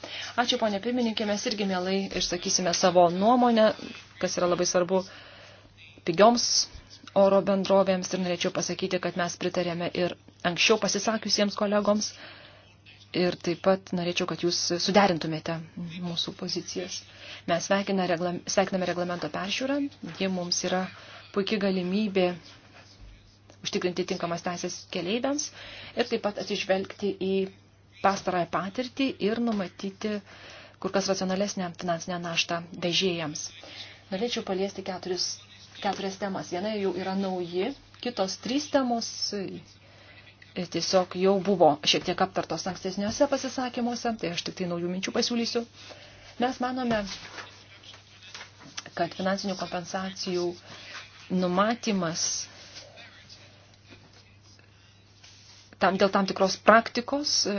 Ačiū, ponė pirmininkė, mes irgi mielai išsakysime savo nuomonę, kas yra labai svarbu pigioms oro bendrovėms ir norėčiau pasakyti, kad mes pritarėme ir anksčiau pasisakiusiems kolegoms ir taip pat norėčiau, kad jūs suderintumėte mūsų pozicijas. Mes sveikiname reglamento peržiūrą, ji mums yra puikia galimybė užtikrinti tinkamas teisės keleiviams ir taip pat atsižvelgti į pastarąją patirtį ir numatyti kur kas racionalesnę finansinę naštą vežėjams. Norėčiau paliesti keturis, keturias temas. Viena jau yra nauji, kitos trys temos tiesiog jau buvo šiek tiek aptartos ankstesniuose pasisakymuose, tai aš tik tai naujų minčių pasiūlysiu. Mes manome, kad finansinių kompensacijų uh, numatymas tam, dėl tam tikros praktikos. E,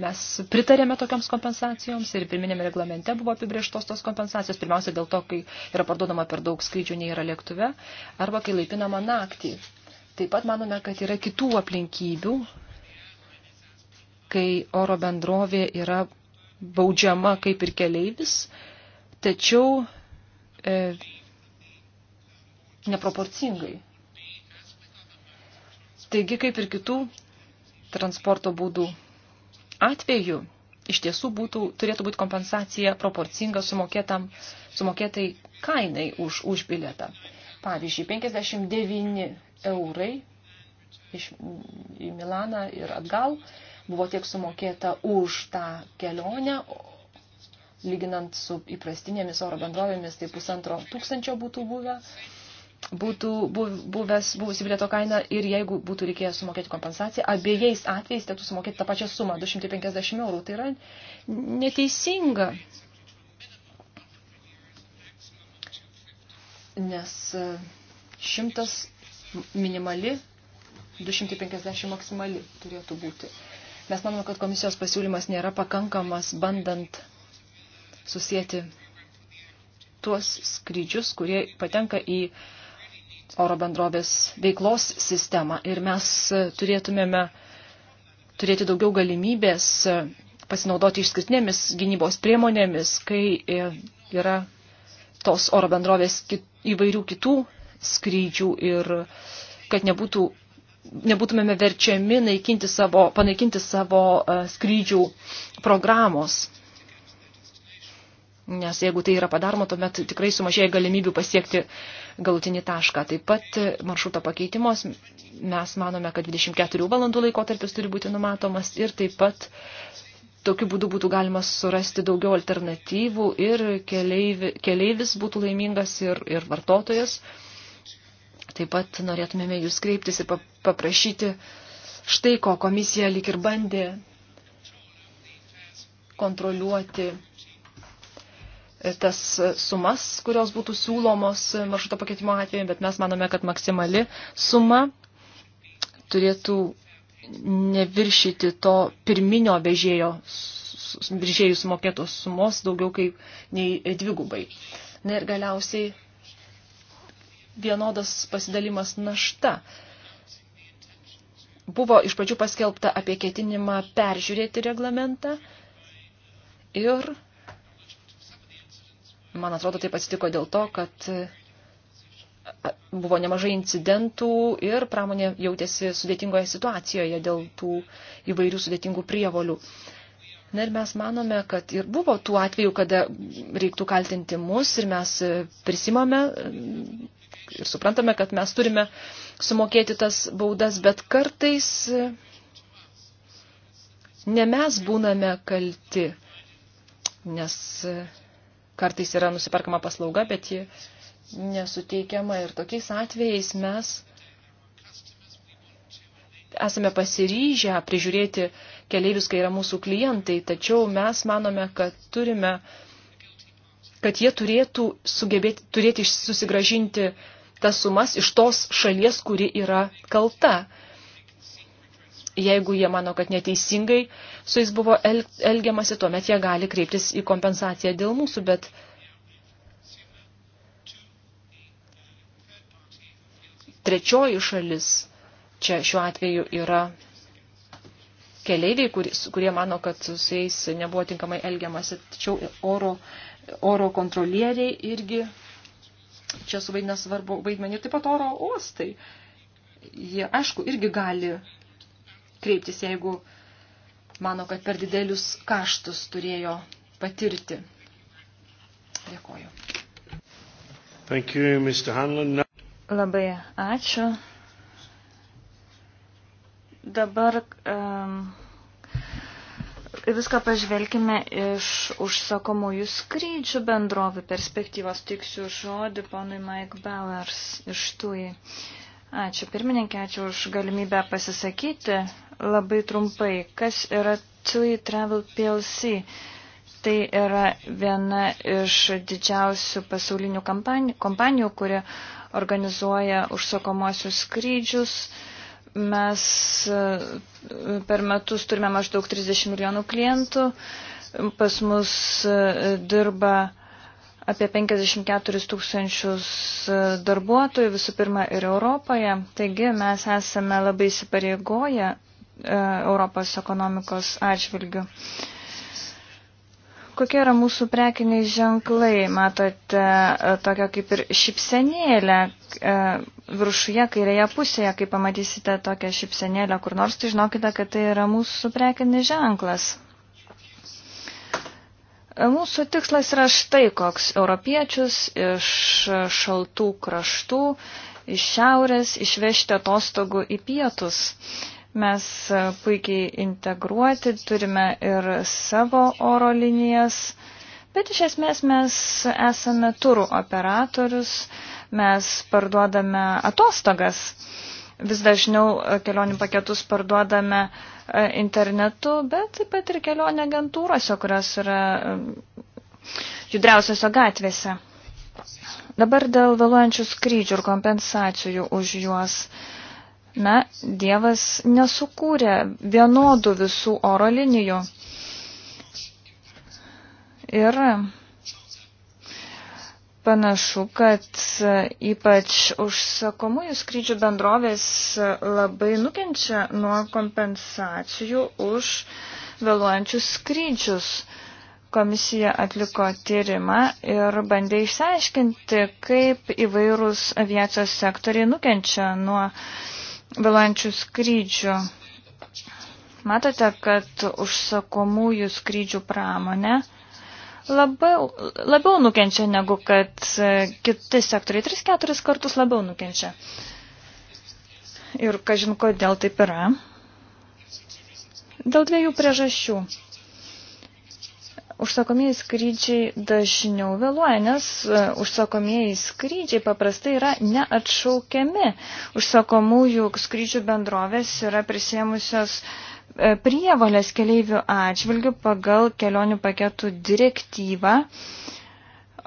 mes pritarėme tokiams kompensacijoms ir pirminėme reglamente buvo apibrieštos tos kompensacijos. Pirmiausia dėl to, kai yra parduodama per daug skrydžių nei yra lėktuve arba kai laipinama naktį. Taip pat manome, kad yra kitų aplinkybių, kai oro bendrovė yra baudžiama kaip ir keleivis, tačiau e, neproporcingai. Taigi, kaip ir kitų transporto būdų atveju, iš tiesų būtų, turėtų būti kompensacija proporcinga sumokėtam, sumokėtai kainai už, už bilietą. Pavyzdžiui, 59 eurai iš, į Milaną ir atgal buvo tiek sumokėta už tą kelionę, lyginant su įprastinėmis oro bendrovėmis, tai pusantro tūkstančio būtų buvę būtų buvęs, buvusi bilieto kaina ir jeigu būtų reikėję sumokėti kompensaciją, abiejais atvejais tektų sumokėti tą pačią sumą, 250 eurų. Tai yra neteisinga. Nes e, šimtas minimali, 250 maksimali turėtų būti. Mes manome, kad komisijos pasiūlymas nėra pakankamas, bandant susijęti tuos skrydžius, kurie patenka į uh, oro bendrovės veiklos sistemą ir mes turėtumėme turėti daugiau galimybės pasinaudoti išskirtinėmis gynybos priemonėmis, kai yra tos oro bendrovės kit, įvairių kitų skrydžių ir kad nebūtų, nebūtumėme verčiami naikinti savo, panaikinti savo e, skrydžių programos Nes jeigu tai yra padaroma, tuomet tikrai sumažėja galimybių pasiekti galutinį tašką. Taip pat maršruto pakeitimos mes manome, kad 24 valandų laikotarpis turi būti numatomas ir taip pat tokiu būdu būtų galima surasti daugiau alternatyvų ir keleivi, keleivis būtų laimingas ir, ir vartotojas. Taip pat norėtumėme jūs kreiptis ir paprašyti štai ko komisija lik ir bandė kontroliuoti tas sumas, kurios būtų siūlomos maršruto pakeitimo atveju, bet mes manome, kad maksimali suma turėtų neviršyti to pirminio vežėjo, vežėjų sumokėtos sumos daugiau kaip nei dvigubai. Na ir galiausiai vienodas pasidalimas našta. Buvo iš pradžių paskelbta apie ketinimą peržiūrėti reglamentą ir Man atrodo, taip atsitiko dėl to, kad buvo nemažai incidentų ir pramonė jautėsi sudėtingoje situacijoje dėl tų įvairių sudėtingų prievolių. Na ir mes manome, kad ir buvo tų atvejų, kada reiktų kaltinti mus ir mes prisimame ir suprantame, kad mes turime sumokėti tas baudas, bet kartais ne mes būname kalti, nes Kartais yra nusiperkama paslauga, bet ji nesuteikiama ir tokiais atvejais mes esame pasiryžę prižiūrėti keleivius, kai yra mūsų klientai, tačiau mes manome, kad turime, kad jie turėtų sugebėti, turėti susigražinti tas sumas iš tos šalies, kuri yra kalta jeigu jie mano, kad neteisingai su jais buvo el elgiamasi, tuomet jie gali kreiptis į kompensaciją dėl mūsų, bet trečioji šalis čia šiuo atveju yra keleiviai, kurie mano, kad su jais nebuvo tinkamai elgiamasi, tačiau oro, oro kontrolieriai irgi čia suvaidina svarbu vaidmenį ir taip pat oro uostai jie, aišku, irgi gali kreiptis, jeigu mano, kad per didelius kaštus turėjo patirti. Dėkoju. Thank you, Mr. Hanlon. Labai ačiū. Dabar um, viską pažvelkime iš užsakomųjų skrydžių bendrovių perspektyvos. Tiksiu žodį ponui Mike Bellers iš tųjų. Ačiū pirmininkė, ačiū už galimybę pasisakyti labai trumpai, kas yra TUI Travel PLC. Tai yra viena iš didžiausių pasaulinių kompanijų, kompanijų kurie organizuoja užsakomosius skrydžius. Mes e, per metus turime maždaug 30 milijonų klientų. Pas mus e, dirba apie 54 tūkstančius e, darbuotojų visų pirma ir Europoje. Taigi mes esame labai įsipareigoję E, Europos ekonomikos atžvilgių. Kokie yra mūsų prekiniai ženklai? Matote e, tokią kaip ir šipsenėlę e, viršuje, kairėje pusėje, kai pamatysite tokią šipsenėlę kur nors, tai žinokite, kad tai yra mūsų prekinis ženklas. Mūsų tikslas yra štai koks - europiečius iš šaltų kraštų, iš šiaurės išvežti atostogų į pietus. Mes e, puikiai integruoti turime ir savo oro linijas, bet iš esmės mes esame turų operatorius, mes parduodame atostogas. Vis dažniau e, kelionių paketus parduodame e, internetu, bet taip pat ir kelionė agentūrose, kurios yra judriausiose gatvėse. Dabar dėl vėluojančių skrydžių ir kompensacijų už juos. Uh, Na, Dievas nesukūrė vienodų visų oro linijų. Ir panašu, kad ypač užsakomųjų skrydžių bendrovės labai nukenčia nuo kompensacijų už vėluojančius skrydžius. Komisija atliko tyrimą ir bandė išsiaiškinti, kaip įvairūs aviacijos sektoriai nukenčia nuo uh, vėluojančių skrydžių. Matote, kad užsakomųjų skrydžių pramonė labiau, labiau nukenčia negu kad kiti sektoriai. 3-4 kartus labiau nukenčia. Ir kažin kodėl taip yra. Dėl dviejų priežasčių užsakomieji skrydžiai dažniau vėluoja, nes e, užsakomieji skrydžiai paprastai yra neatšaukiami. Užsakomųjų skrydžių bendrovės yra prisėmusios e, prievalės keleivių atžvilgių pagal kelionių paketų direktyvą.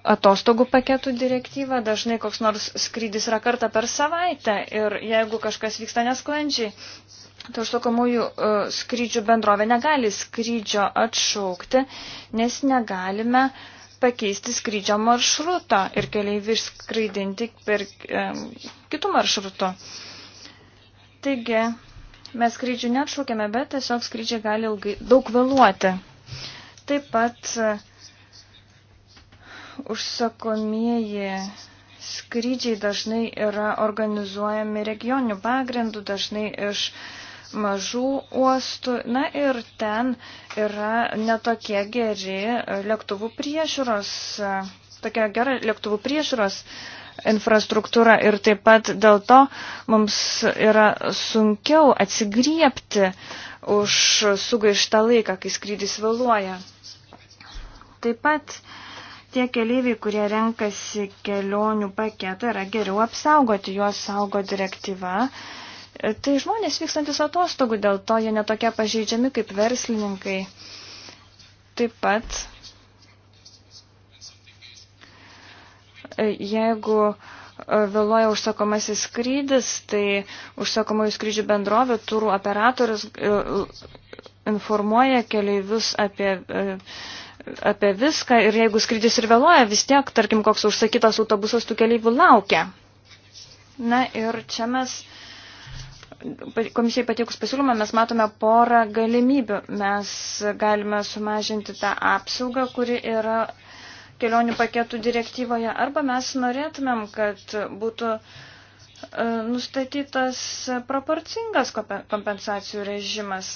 Atostogų paketų direktyva dažnai koks nors skrydis yra kartą per savaitę ir jeigu kažkas vyksta nesklandžiai, Tai užsakomųjų e, skrydžių bendrovė negali skrydžio atšaukti, nes negalime pakeisti skrydžio maršruto ir keliaivių išskraidinti per e, kitų maršrutų. Taigi, mes skrydžių neatšaukėme, bet tiesiog skrydžiai gali ilgai, daug vėluoti. Taip pat e, užsakomieji skrydžiai dažnai yra organizuojami regioninių pagrindų, dažnai iš e, mažų uostų. Na ir ten yra netokie geri lėktuvų priežiūros, tokia gera lėktuvų priežiūros infrastruktūra ir taip pat dėl to mums yra sunkiau atsigriepti už sugaištą laiką, kai skrydis vėluoja. Taip pat tie keleiviai, kurie renkasi kelionių paketą, yra geriau apsaugoti, juos saugo direktyva Tai žmonės vykstantis atostogų, dėl to jie netokie pažeidžiami kaip verslininkai. Taip pat, e, jeigu e, vėluoja užsakomasis skrydis, tai užsakomųjų skrydžių bendrovė, turų operatorius e, informuoja keleivius apie, apie viską ir jeigu skrydis ir vėluoja, vis tiek, tarkim, koks užsakytas autobusas tų keleivių laukia. Na ir čia mes komisijai patiekus pasiūlymą mes matome porą galimybių. Mes galime sumažinti tą apsaugą, kuri yra kelionių paketų direktyvoje, arba mes norėtumėm, kad būtų e, nustatytas proporcingas kompensacijų režimas.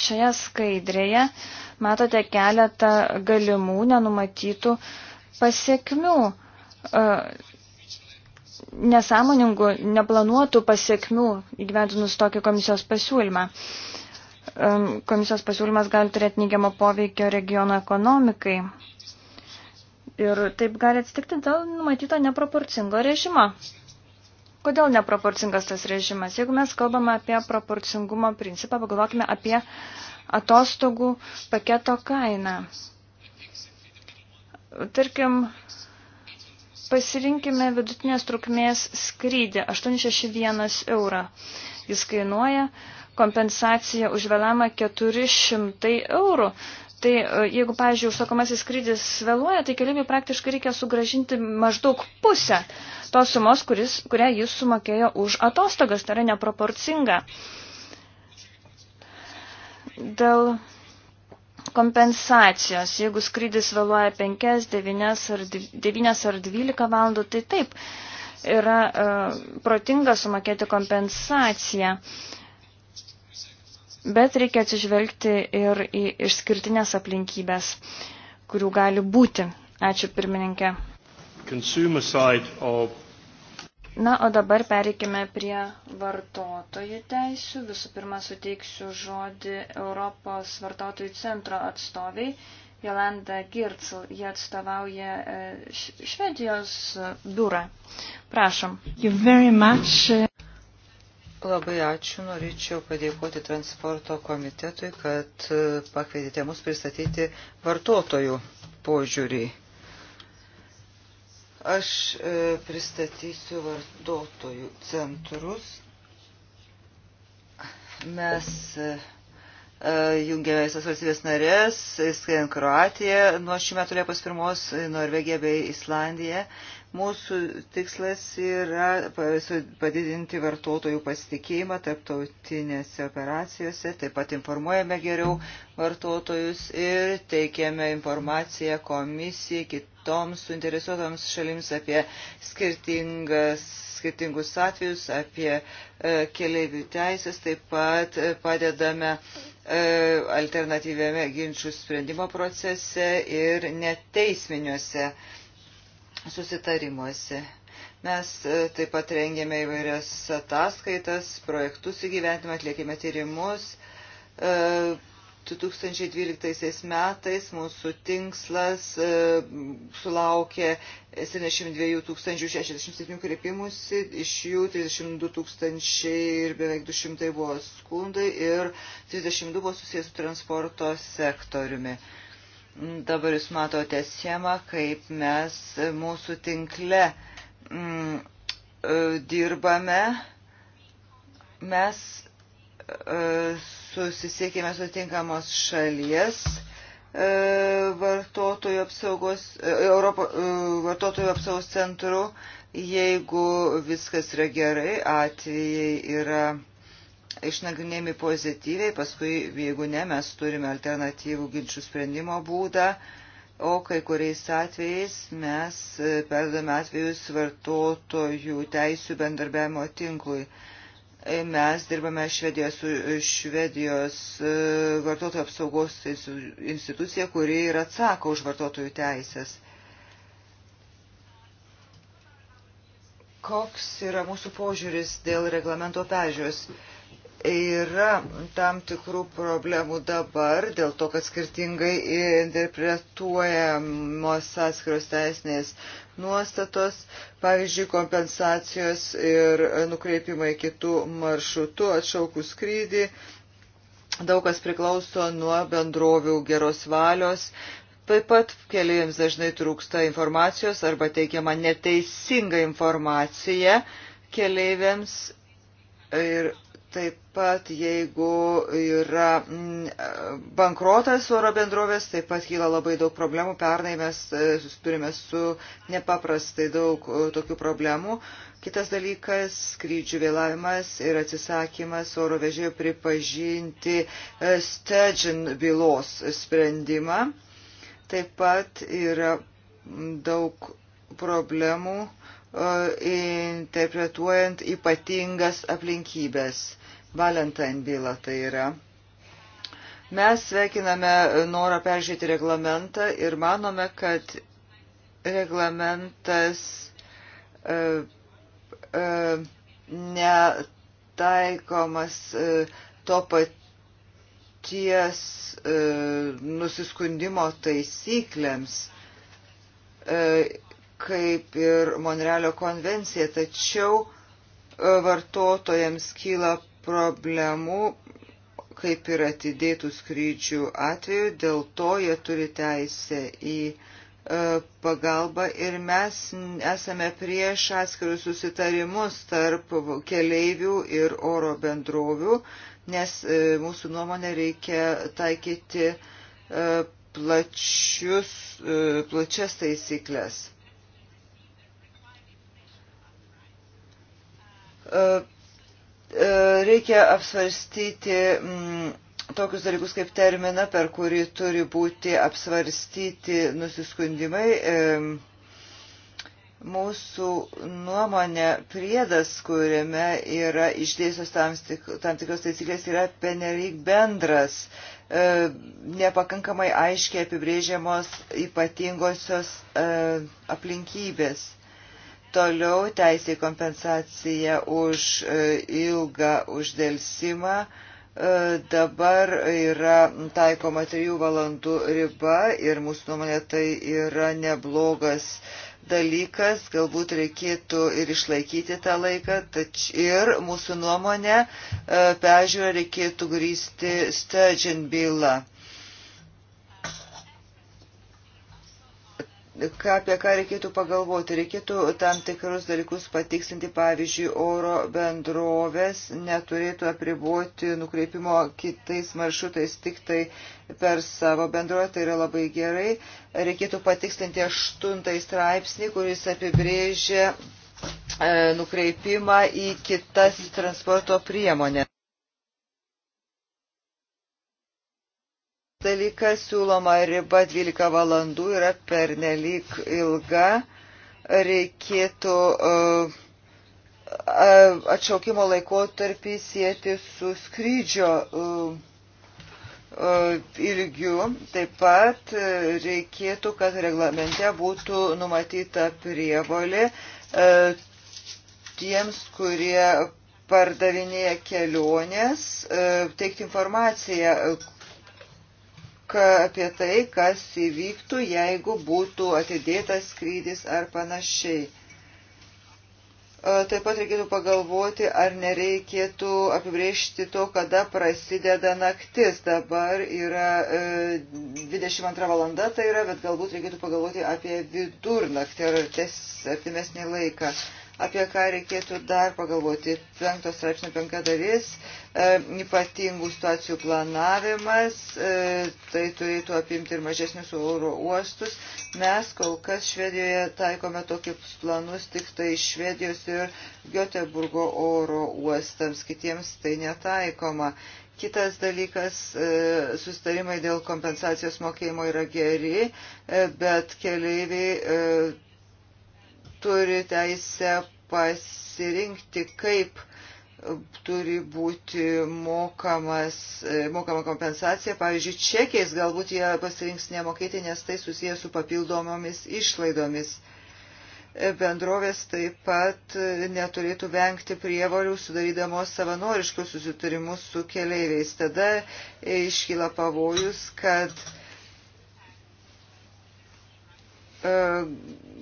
Šioje skaidrėje matote keletą galimų nenumatytų pasiekmių e, nesąmoningų, neplanuotų pasiekmių įgyvendinus tokį komisijos pasiūlymą. Komisijos pasiūlymas gali turėti neigiamą poveikio regiono ekonomikai. Ir taip gali atsitikti dėl numatyto neproporcingo režimo. Kodėl neproporcingas tas režimas? Jeigu mes kalbame apie proporcingumo principą, pagalvokime apie atostogų paketo kainą. Tarkim, Pasirinkime vidutinės trukmės skrydį 861 eurą. Jis kainuoja kompensacija už vėlamą 400 eurų. Tai e, jeigu, pavyzdžiui, užsakomasis skrydis vėluoja, tai keliaiviui praktiškai reikia sugražinti maždaug pusę tos sumos, kuris, kurią jis sumokėjo už atostogas, tai yra neproporcinga. Dėl kompensacijos. Jeigu skrydis vėluoja 5, 9 ar, 9 ar 12 valandų, tai taip, yra e, protinga sumokėti kompensaciją. Bet reikia atsižvelgti ir į išskirtinės aplinkybės, kurių gali būti. Ačiū pirmininkė. Consumer side of Na, o dabar pereikime prie vartotojų teisų. Visų pirma, suteiksiu žodį Europos vartotojų centro atstoviai Jolanda Girtsl. Jie atstovauja e, Švedijos biurą. Prašom. Labai ačiū. Norėčiau padėkoti transporto komitetui, kad e, pakvietėte mus pristatyti vartotojų požiūrį Aš e, pristatysiu vartotojų centrus. Mes e, e, jungiame visas valstybės narės, skaitant Kroatiją nuo šių metų Liepos 1, Norvegiją bei Islandiją. Mūsų tikslas yra padidinti vartotojų pasitikėjimą tarptautinėse operacijose, taip pat informuojame geriau vartotojus ir teikiame informaciją komisijai, kitoms suinteresuotoms šalims apie skirtingus atvejus, apie e, keliaivių teisės, taip pat e, padedame e, alternatyviame ginčių sprendimo procese ir neteisminiuose susitarimuose. Mes taip pat rengėme įvairias ataskaitas, projektus įgyventimą, atliekėme tyrimus, 2012 metais mūsų tinkslas e, sulaukė 72 067 kreipimusi, iš jų 32 tūkstančiai ir beveik 200 buvo skundai ir 32 buvo susijęs su transporto sektoriumi. Dabar jūs matote schemą, kaip mes mūsų tinkle mm, e, dirbame. Mes uh, susisiekėme sutinkamos šalies e, vartotojų apsaugos, e, Europo, e, vartotojų apsaugos centru, jeigu viskas yra gerai, atvejai yra išnagrinėjami pozityviai, paskui jeigu ne, mes turime alternatyvų ginčių sprendimo būdą, o kai kuriais atvejais mes perdame atvejus vartotojų teisų bendarbiavimo tinklui. Mes dirbame Švedijoje su Švedijos e, vartotojų apsaugos institucija, kuri ir atsako už vartotojų teisės. Koks yra mūsų požiūris dėl reglamento pežiūros? yra tam tikrų problemų dabar dėl to, kad skirtingai interpretuojamos atskiros teisinės nuostatos, pavyzdžiui, kompensacijos ir nukreipimai kitų maršrutų atšaukų skrydį. Daug kas priklauso nuo bendrovių geros valios. Taip pat keliaiviams dažnai trūksta informacijos arba teikiama neteisinga informacija keliaiviams ir Taip pat, jeigu yra mm, bankrotas oro bendrovės, taip pat kyla labai daug problemų. Pernai mes e, susidurime su nepaprastai daug e, tokių problemų. Kitas dalykas - skrydžių vėlavimas ir atsisakymas oro vežėjo pripažinti e, Sturgeon bylos sprendimą. Taip pat yra daug problemų interpretuojant ypatingas aplinkybės Valentine bylą tai yra. Mes sveikiname norą peržiūrėti reglamentą ir manome, kad reglamentas e, e, netaikomas e, to paties e, nusiskundimo taisyklėms. E, kaip ir Monrealio konvencija, tačiau e, vartotojams kyla problemų, kaip ir atidėtų skrydžių atveju, dėl to jie turi teisę į e, pagalbą ir mes esame prieš atskirius susitarimus tarp keleivių ir oro bendrovių, nes e, mūsų nuomonė reikia taikyti e, plačius, plačias taisyklės. E, reikia apsvarstyti mm, tokius dalykus kaip terminą, per kurį turi būti apsvarstyti nusiskundimai. E, mūsų nuomonė priedas, kuriame yra išdėsios tam, tam tikros taisyklės, yra peneryg bendras, e, nepakankamai aiškiai apibrėžiamos ypatingosios e, aplinkybės. Toliau teisė kompensacija už e, ilgą uždėlsimą. E, dabar yra taikoma trijų valandų riba ir mūsų nuomonė tai yra neblogas dalykas, galbūt reikėtų ir išlaikyti tą laiką, tač ir mūsų nuomonė e, pežiūrą reikėtų grįsti Sturgeon bylą. ką, apie ką reikėtų pagalvoti. Reikėtų tam tikrus dalykus patiksinti, pavyzdžiui, oro bendrovės neturėtų apriboti nukreipimo kitais maršrutais tik tai per savo bendrovę, tai yra labai gerai. Reikėtų patiksinti aštuntąjį straipsnį, kuris apibrėžia e, nukreipimą į kitas transporto priemonės. dalykas siūloma riba 12 valandų yra pernelyg ilga. Reikėtų uh, atšaukimo laikotarpį sieti su skrydžio uh, ilgiu. Taip pat reikėtų, kad reglamente būtų numatyta prievolė tiems, kurie pardavinėja keliones, teikti informaciją, apie tai, kas įvyktų, jeigu būtų atidėtas skrydis ar panašiai. E, taip pat reikėtų pagalvoti, ar nereikėtų apibriežti to, kada prasideda naktis. Dabar yra 22 e, valanda, tai yra, bet galbūt reikėtų pagalvoti apie vidurnaktį ar artimesnį laiką apie ką reikėtų dar pagalvoti. Penktos straipsnio penkta dalis, e, ypatingų situacijų planavimas, e, tai turėtų apimti ir mažesnius oro uostus. Mes kol kas Švedijoje taikome tokius planus tik tai Švedijos ir Göteburgo oro uostams, kitiems tai netaikoma. Kitas dalykas, e, sustarimai dėl kompensacijos mokėjimo yra geri, bet keleiviai turi teisę pasirinkti, kaip turi būti mokamas, e, mokama kompensacija. Pavyzdžiui, čekiais galbūt jie pasirinks nemokėti, nes tai susijęs su papildomomis išlaidomis. E, bendrovės taip pat e, neturėtų vengti prievolių sudarydamos savanoriškus susitarimus su keleiviais. Tada iškyla pavojus, kad E,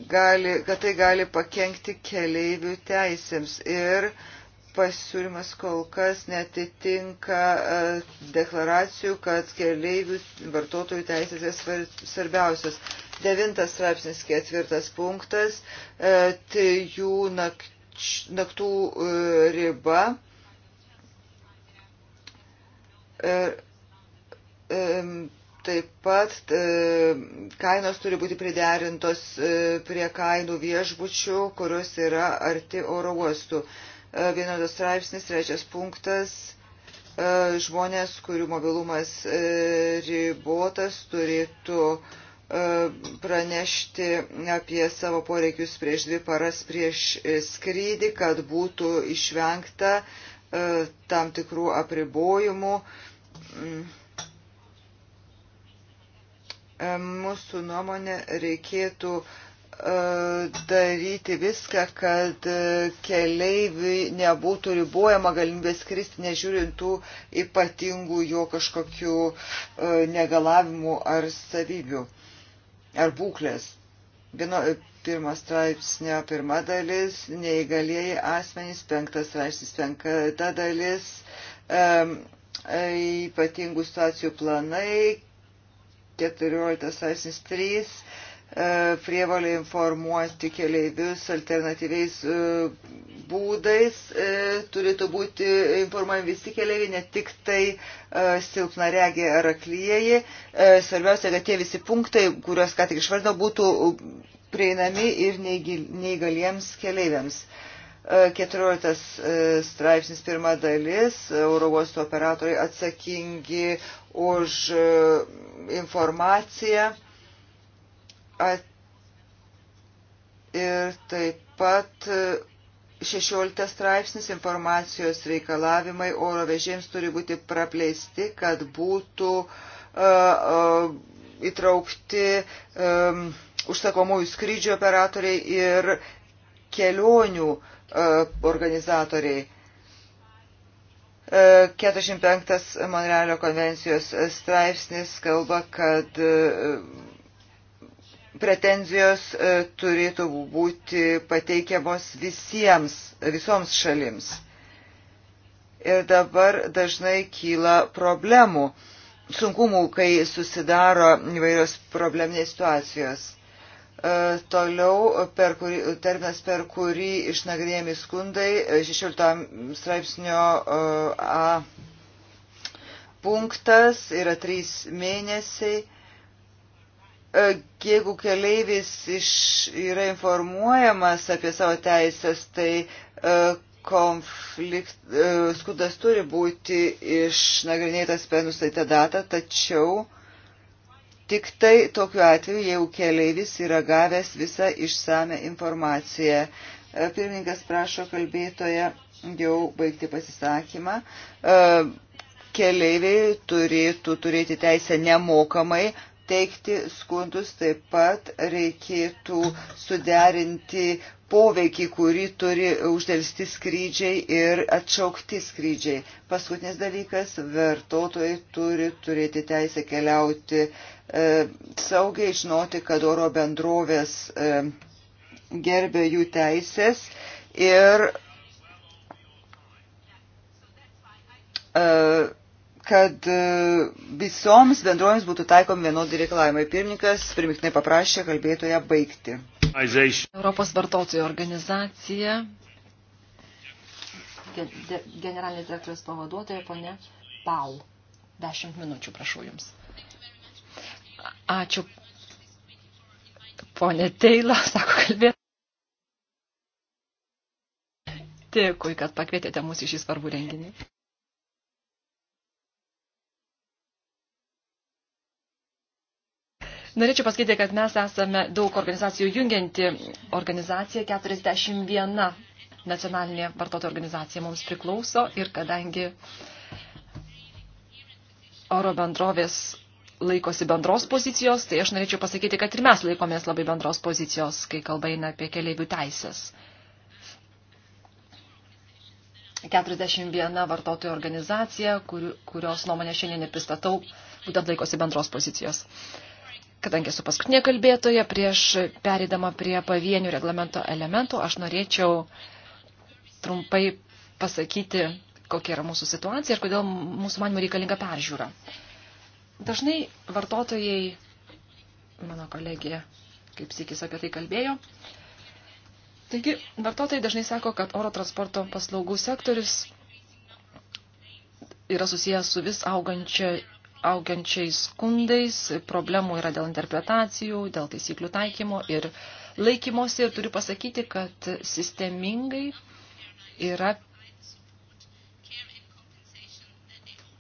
gali, kad tai gali pakengti keleivių teisėms ir pasiūlymas kol kas netitinka e, deklaracijų, kad keleivių vartotojų teisės yra svarbiausias. Devintas straipsnis ketvirtas punktas, e, trijų naktų riba. Ir, Taip pat e, kainos turi būti priderintos e, prie kainų viešbučių, kurios yra arti oro uostų. E, vienodas straipsnis, trečias punktas žmonės, kurių mobilumas ribotas, turėtų pranešti apie savo poreikius prieš dvi paras prieš skrydį, kad būtų išvengta tam tikrų apribojimų. Mm. E, mūsų nuomonė reikėtų e, daryti viską, kad e, keleiviui nebūtų ribojama galimybė skristi, nežiūrintų ypatingų jo kažkokių negalavimų ar savybių ar būklės. Vieno, pirmas straipsnio pirma dalis, neįgalieji asmenys, penktas straipsnis penkta dalis, e, ypatingų situacijų planai, 14 straipsnis 3 e, prievalė informuoti keleivius alternatyviais e, būdais. E, turėtų būti informuojami visi keleiviai, ne tik tai silpnaregiai ar aklieji. Svarbiausia, kad tie visi punktai, kuriuos ką tik išvardinau, būtų prieinami ir neįgaliems keleiviams. Uh, 14 e, straipsnis pirma dalis, Eurovosto operatoriai atsakingi už e, informaciją at, ir taip pat 16 e, straipsnis informacijos reikalavimai oro vežėjams turi būti prapleisti, kad būtų uh, uh, įtraukti um, užsakomųjų skrydžių operatoriai ir kelionių uh, E, organizatoriai. 45 e, Monrealio konvencijos straipsnis kalba, kad e, pretenzijos turėtų būti pateikiamos visiems, visoms šalims. Ir dabar dažnai kyla problemų, sunkumų, kai susidaro įvairios probleminės situacijos. E, toliau per kurį, terminas, per kurį išnagrinėjami skundai 16 e, straipsnio e, A punktas yra 3 mėnesiai. Jeigu keleivis iš, yra informuojamas apie savo teisės, tai konflikt, skundas turi būti išnagrinėtas per nustatytą datą, tačiau Tik tai tokiu atveju, jeigu keleivis yra gavęs visą išsame informaciją. E, pirmininkas prašo kalbėtoje jau baigti pasisakymą. E, keleiviai turėtų turėti teisę nemokamai teikti skundus, taip pat reikėtų suderinti poveikį, kurį turi uždelsti skrydžiai ir atšaukti skrydžiai. Paskutinis dalykas - vartotojai turi turėti teisę keliauti e, saugiai, žinoti, kad oro bendrovės e, gerbė jų teisės ir e, kad e, visoms bendrovėms būtų taikomi vienodai reikalavimai. Pirmininkas primiktinai paprašė kalbėtoje baigti. Europos vartotojų organizacija, generalinis direktorius pavaduotoja, ponė Paul. Dešimt minučių, prašau Jums. Ačiū, ponė Teila, sako kalbėt. Dėkui, kad pakvietėte mūsų į šį svarbų renginį. Norėčiau pasakyti, kad mes esame daug organizacijų jungianti organizacija, 41 nacionalinė vartotojų organizacija mums priklauso ir kadangi oro bendrovės laikosi bendros pozicijos, tai aš norėčiau pasakyti, kad ir mes laikomės labai bendros pozicijos, kai kalba eina apie keleivių teisės. 41 vartotojų organizacija, kur, kurios nuomonę šiandien ir pristatau, būtent laikosi bendros pozicijos. Uh, Kadangi esu paskutinė kalbėtoja, prieš perėdama prie pavienių reglamento elementų, aš norėčiau trumpai pasakyti, kokia yra mūsų situacija ir kodėl mūsų manimo reikalinga peržiūra. Dažnai vartotojai, mano kolegė, kaip sikis apie tai kalbėjo, taigi vartotojai dažnai sako, kad oro transporto paslaugų sektorius yra susijęs su vis augančia augiančiais skundais, problemų yra dėl interpretacijų, dėl taisyklių taikymo ir laikymosi ir turiu pasakyti, kad sistemingai yra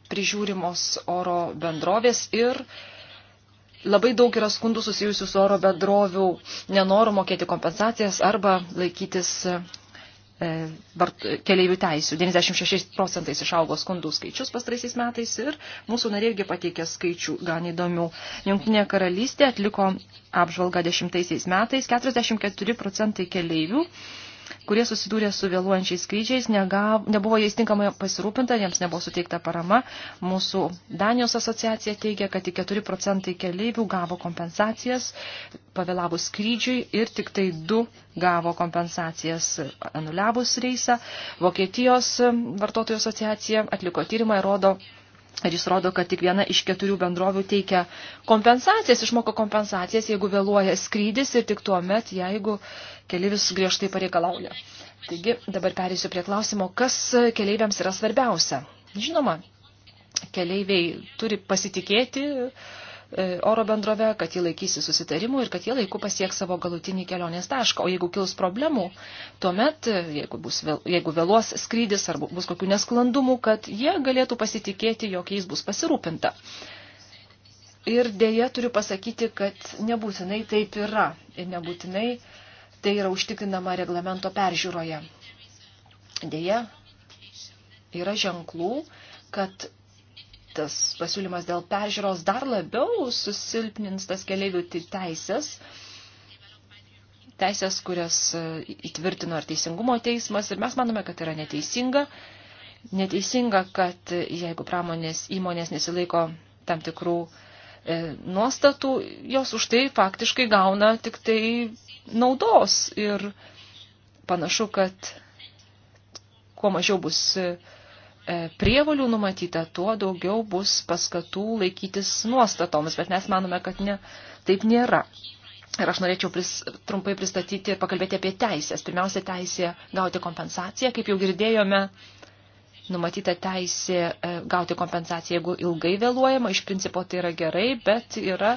prižiūrimos oro bendrovės ir labai daug yra skundų susijusių su oro bendrovių nenoru mokėti kompensacijas arba laikytis E, keleivių teisių. 96 procentais išaugo skundų skaičius pastraisiais metais ir mūsų nariai irgi pateikė skaičių gan įdomių. Jungtinė karalystė atliko apžvalgą 10 metais 44 procentai keleivių kurie susidūrė su vėluojančiais skrydžiais, negav, nebuvo jais tinkamai pasirūpinta, jiems nebuvo suteikta parama. Mūsų Danijos asociacija teigia, kad tik 4 procentai keleivių gavo kompensacijas pavėlavus skrydžiui ir tik tai 2 gavo kompensacijas anuliavus reisą. Vokietijos vartotojų asociacija atliko tyrimą ir rodo, Ir jis rodo, kad tik viena iš keturių bendrovių teikia kompensacijas, išmoko kompensacijas, jeigu vėluoja skrydis ir tik tuo met, jeigu keliaivis griežtai pareikalauja. Taigi, dabar perėsiu prie klausimo, kas keleiviams yra svarbiausia. Žinoma, keleiviai turi pasitikėti uh, E, oro bendrove, kad jie laikysi susitarimų ir kad jie laiku pasieks savo galutinį kelionės tašką. O jeigu kils problemų, tuomet, e, jeigu, bus, vėl, jeigu vėluos skrydis ar bus kokių nesklandumų, kad jie galėtų pasitikėti, jog jais bus pasirūpinta. Ir dėja turiu pasakyti, kad nebūtinai taip yra ir nebūtinai tai yra užtikrinama reglamento peržiūroje. Dėja yra ženklų, kad tas pasiūlymas dėl peržiūros dar labiau susilpnins tas keliaivių teisės, teisės, kurias e, įtvirtino ar teisingumo teismas. Ir mes manome, kad yra neteisinga. Neteisinga, kad jeigu pramonės įmonės nesilaiko tam tikrų e, nuostatų, jos už tai faktiškai gauna tik tai naudos. Ir panašu, kad kuo mažiau bus e, E, prievolių numatyta, tuo daugiau bus paskatų laikytis nuostatoms, bet mes manome, kad ne, taip nėra. Ir aš norėčiau pris, trumpai pristatyti ir pakalbėti apie teisės. Pirmiausia, teisė gauti kompensaciją. Kaip jau girdėjome, numatyta teisė e, gauti kompensaciją, jeigu ilgai vėluojama. Iš principo tai yra gerai, bet yra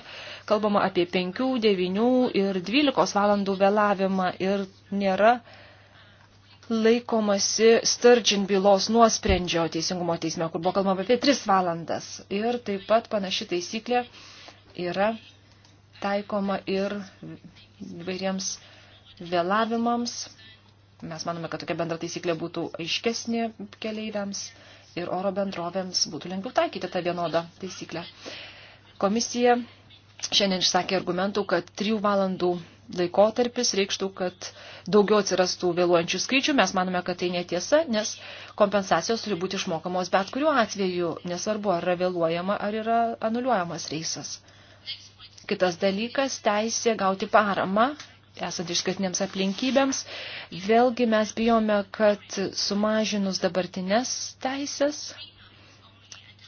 kalbama apie 5, 9 ir 12 valandų vėlavimą ir nėra uh, laikomasi Sturgeon bylos nuosprendžio teisingumo teisme, kur buvo kalbama apie 3 tai valandas. Ir taip pat panaši taisyklė yra taikoma ir vairiems vėlavimams. Mes manome, kad tokia bendra taisyklė būtų aiškesnė keleiviams ir oro bendrovėms būtų lengviau taikyti tą vienodą taisyklę. Komisija šiandien išsakė argumentų, kad 3 valandų laikotarpis reikštų, kad daugiau atsirastų vėluojančių skaičių. Mes manome, kad tai netiesa, nes kompensacijos turi būti išmokamos bet kuriuo atveju, nesvarbu, ar yra vėluojama, ar yra anuliuojamas reisas. Kitas dalykas – teisė gauti paramą, esant išskirtinėms aplinkybėms. Vėlgi mes bijome, kad sumažinus dabartinės teisės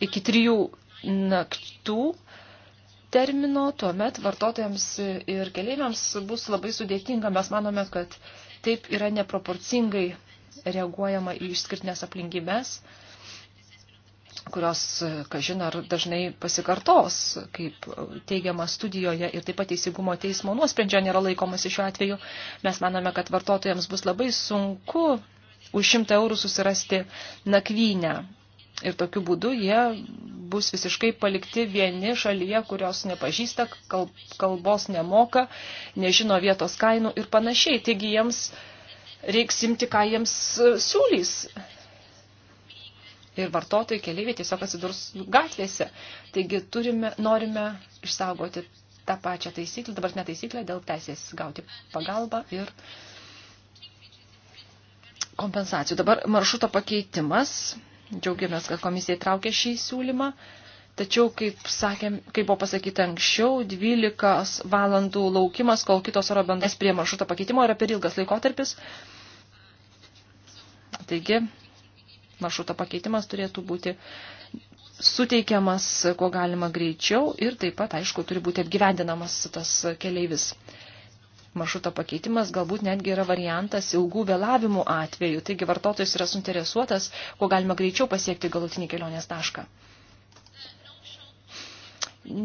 iki trijų naktų termino, tuomet vartotojams ir keliaiviams bus labai sudėtinga. Mes manome, kad taip yra neproporcingai reaguojama į išskirtinės aplinkybės, kurios, kažin, ar dažnai pasikartos, kaip teigiama studijoje ir taip pat teisingumo teismo nuosprendžio nėra laikomasi šiuo atveju. Mes manome, kad vartotojams bus labai sunku už šimtą eurų susirasti nakvynę Ir tokiu būdu jie bus visiškai palikti vieni šalyje, kurios nepažįsta, kalbos nemoka, nežino vietos kainų ir panašiai. Taigi jiems reiks imti, ką jiems e, siūlys. Ir vartotojai keliaiviai tiesiog atsidurs gatvėse. Taigi turime, norime išsaugoti tą pačią taisyklę, dabar ne taisyklę, dėl teisės gauti pagalbą ir kompensacijų. Dabar maršruto pakeitimas Džiaugiamės, kad komisija traukė šį siūlymą. Tačiau, kaip, sakėm, kaip buvo pasakyta anksčiau, 12 valandų laukimas, kol kitos oro bendras prie maršruto pakeitimo yra per ilgas laikotarpis. Taigi, maršruto pakeitimas turėtų būti suteikiamas, kuo galima greičiau ir taip pat, aišku, turi būti apgyvendinamas tas keleivis maršruto pakeitimas galbūt netgi yra variantas ilgų vėlavimų atveju. Taigi vartotojas yra suinteresuotas, kuo galima greičiau pasiekti galutinį kelionės tašką.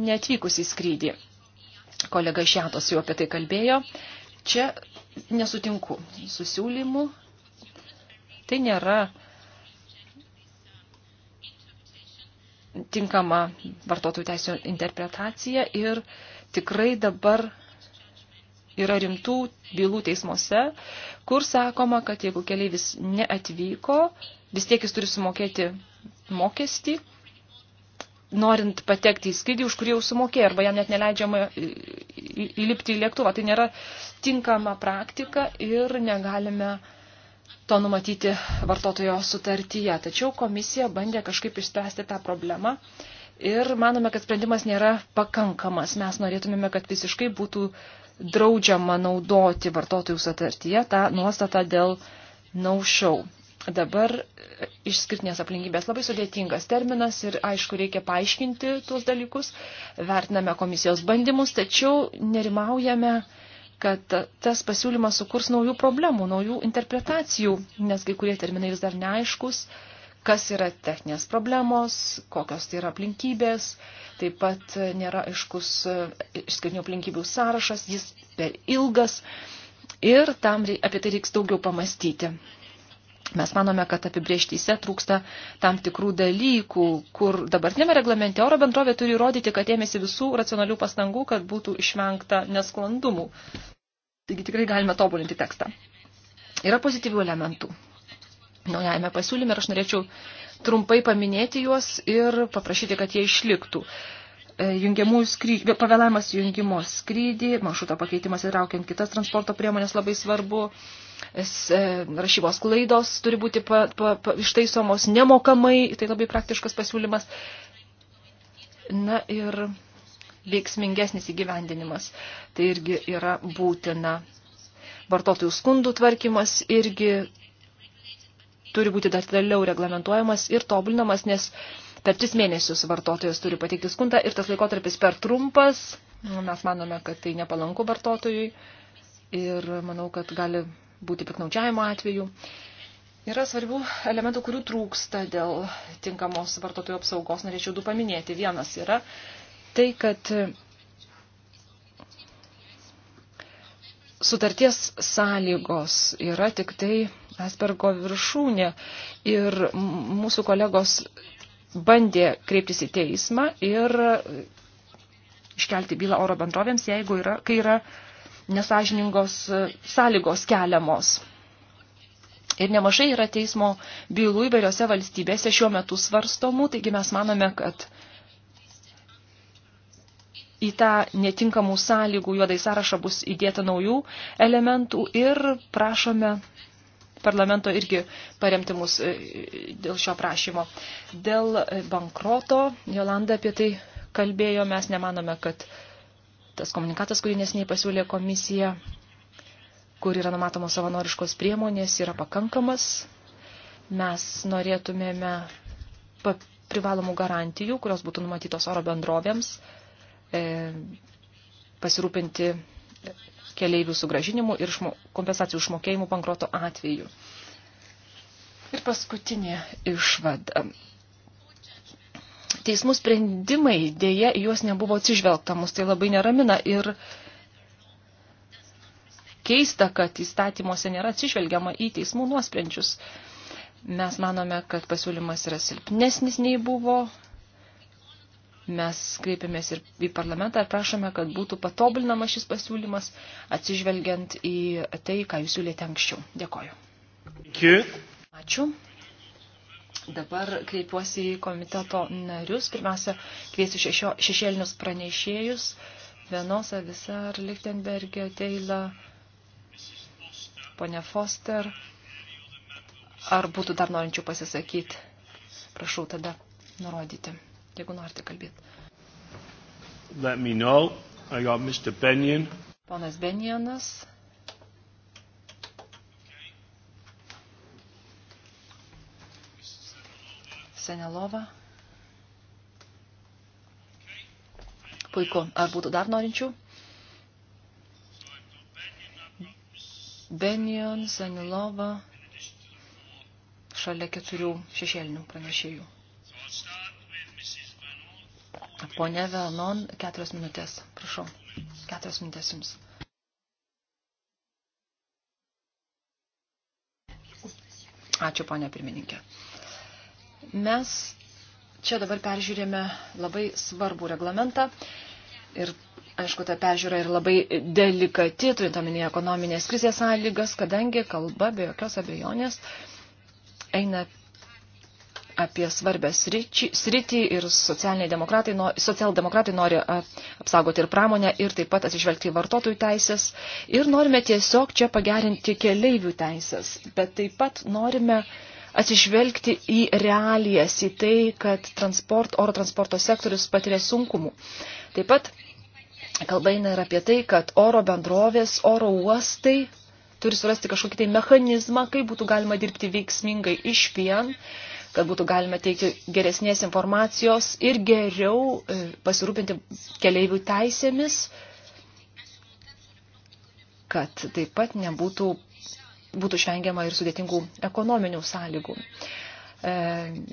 Netvykus į skrydį. Kolega Šiatos jau apie tai kalbėjo. Čia nesutinku su siūlymu. Tai nėra tinkama vartotojų teisų interpretacija ir tikrai dabar yra rimtų bylų teismuose, kur sakoma, kad jeigu keleivis neatvyko, vis tiek jis turi sumokėti mokestį, norint patekti į skrydį, už kurį jau sumokėjo, arba jam net neleidžiama e, įlipti į lėktuvą. Tai nėra tinkama praktika ir negalime to numatyti vartotojo sutartyje. Tačiau komisija bandė kažkaip išspręsti tą problemą ir manome, kad sprendimas nėra pakankamas. Mes norėtumėme, kad visiškai būtų draudžiama naudoti vartotojų sutartyje tą nuostatą dėl naušau. No Dabar išskirtinės aplinkybės labai sudėtingas terminas ir aišku reikia paaiškinti tuos dalykus, vertiname komisijos bandymus, tačiau nerimaujame, kad tas pasiūlymas sukurs naujų problemų, naujų interpretacijų, nes kai kurie terminai vis dar neaiškus, kas yra techninės problemos, kokios tai yra aplinkybės, taip pat nėra aiškus e, išskirtinių aplinkybių sąrašas, jis per ilgas ir tam apie tai reiks daugiau pamastyti. Mes manome, kad apibrieštyse trūksta tam tikrų dalykų, kur dabartinėme reglamente oro bendrovė turi įrodyti, kad ėmėsi visų racionalių pastangų, kad būtų išvengta nesklandumų. Taigi tikrai galime tobulinti tekstą. Yra pozityvių elementų naujajame pasiūlyme ir aš norėčiau trumpai paminėti juos ir paprašyti, kad jie išliktų. E, jungiamųjų skrydžių, pavėlavimas jungimo skrydį, maršruto pakeitimas įtraukiant kitas transporto priemonės labai svarbu, e, rašybos klaidos turi būti pa, pa, pa, ištaisomos nemokamai, tai labai praktiškas pasiūlymas. Na ir veiksmingesnis įgyvendinimas, tai irgi yra būtina vartotojų skundų tvarkymas irgi turi būti dar toliau reglamentuojamas ir tobulinamas, nes per tris mėnesius vartotojas turi pateikti skundą ir tas laikotarpis per trumpas. Nu, mes manome, kad tai nepalanku vartotojui ir manau, kad gali būti piknaudžiavimo atveju. Yra svarbių elementų, kurių trūksta dėl tinkamos vartotojų apsaugos. Norėčiau du paminėti. Vienas yra tai, kad sutarties sąlygos yra tik tai Aspergo viršūnė ir mūsų kolegos bandė kreiptis į teismą ir iškelti bylą oro bendrovėms, jeigu yra, kai yra nesažiningos sąlygos keliamos. Ir nemažai yra teismo bylų įvairiose valstybėse šiuo metu svarstomų, taigi mes manome, kad į tą netinkamų sąlygų juodai sąrašą bus įdėta naujų elementų ir prašome parlamento irgi paremti mus e, dėl šio prašymo. Dėl e, bankroto, Jolanda apie tai kalbėjo, mes nemanome, kad tas komunikatas, kurį nesiniai pasiūlė komisija, kur yra numatomos savanoriškos priemonės, yra pakankamas. Mes norėtumėme privalomų garantijų, kurios būtų numatytos oro bendrovėms, e, pasirūpinti keleivių sugražinimų ir kompensacijų išmokėjimų bankroto atveju. Ir paskutinė išvada. Teismų sprendimai dėja juos nebuvo atsižvelgta, mus tai labai neramina ir keista, kad įstatymuose nėra atsižvelgiama į teismų nuosprendžius. Mes manome, kad pasiūlymas yra silpnesnis nei buvo Mes kreipiamės ir į parlamentą ir prašome, kad būtų patobulinamas šis pasiūlymas, atsižvelgiant į tai, ką jūs siūlėte anksčiau. Dėkoju. Ačiū. Ačiū. Dabar kreipiuosi į komiteto narius. Pirmiausia, kviesiu šešio, šešėlinius pranešėjus. Venosa, Visar, Lichtenbergė, Teila, ponia Foster. Ar būtų dar norinčių pasisakyti? Prašau tada nurodyti jeigu norite kalbėti. Let me know. I got Mr. Benyon. Ponas Benjonas. Senelova. Puiku. Ar būtų dar norinčių? Benjon, Senilova, šalia keturių šešėlinių pranešėjų. Pone Velnon, keturios minutės, prašau. Keturios minutės jums. Ačiū, ponė pirmininkė. Mes čia dabar peržiūrėme labai svarbų reglamentą ir, aišku, ta peržiūra yra labai delikati, turint omenyje ekonominės krizės sąlygas, kadangi kalba be jokios abejonės eina apie svarbę sritį ir demokratai, socialdemokratai nori apsaugoti ir pramonę ir taip pat atsižvelgti į vartotojų teisės ir norime tiesiog čia pagerinti keleivių teisės, bet taip pat norime atsižvelgti į realijas, į tai, kad transport, oro transporto sektorius patiria sunkumų. Taip pat kalba eina ir apie tai, kad oro bendrovės, oro uostai turi surasti kažkokį tai mechanizmą, kaip būtų galima dirbti veiksmingai iš vien, kad būtų galima teikti geresnės informacijos ir geriau e, pasirūpinti keleivių teisėmis, kad taip pat nebūtų būtų išvengiama ir sudėtingų ekonominių sąlygų. E,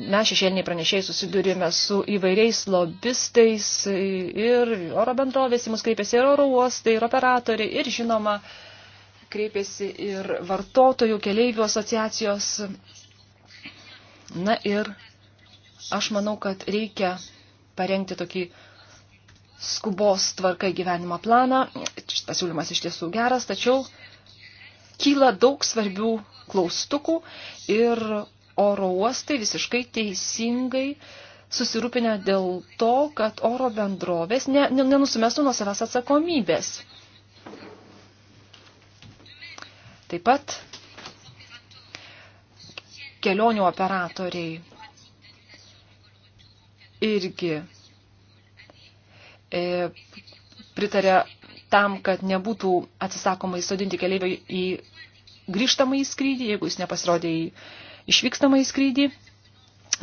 mes šešėliniai pranešėjai susidurėme su įvairiais lobistais ir oro bendrovės į mus kreipėsi ir oro uostai, ir operatoriai, ir žinoma, kreipėsi ir vartotojų keleivių asociacijos Na ir aš manau, kad reikia parengti tokį skubos tvarka gyvenimo planą. Šitas siūlymas iš tiesų geras, tačiau kyla daug svarbių klaustukų ir oro uostai visiškai teisingai susirūpinę dėl to, kad oro bendrovės ne, ne, nenusimestų nuo savęs atsakomybės. Taip pat kelionių operatoriai irgi e, pritarė tam, kad nebūtų atsisakoma įsodinti keliaivį į grįžtamą į skrydį, jeigu jis nepasirodė į išvykstamą į skrydį.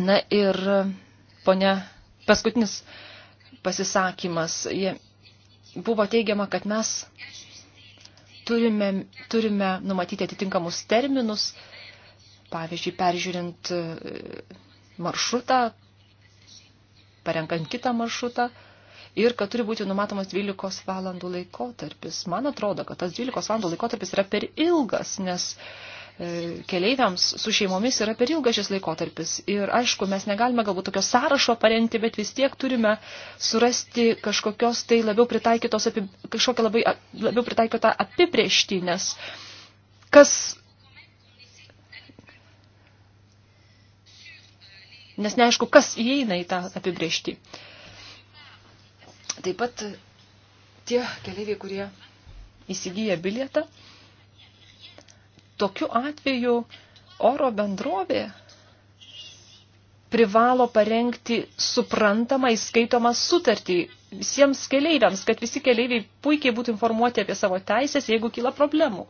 Na ir ponia, paskutinis pasisakymas. Jie buvo teigiama, kad mes turime, turime numatyti atitinkamus terminus, Pavyzdžiui, peržiūrint e, maršrutą, parenkant kitą maršrutą ir kad turi būti numatomas 12 valandų laikotarpis. Man atrodo, kad tas 12 valandų laikotarpis yra per ilgas, nes e, keleiviams su šeimomis yra per ilgas šis laikotarpis. Ir aišku, mes negalime galbūt tokio sąrašo parengti, bet vis tiek turime surasti kažkokios tai labiau pritaikytos, kažkokią labai labiau pritaikytą apipriešti, nes kas nes neaišku, kas įeina į tą apibrėžtį. Taip pat tie keliaiviai, kurie įsigyja bilietą, tokiu atveju oro bendrovė privalo parengti suprantamą įskaitomą sutartį visiems keleiviams, kad visi keleiviai puikiai būtų informuoti apie savo teisės, jeigu kyla problemų.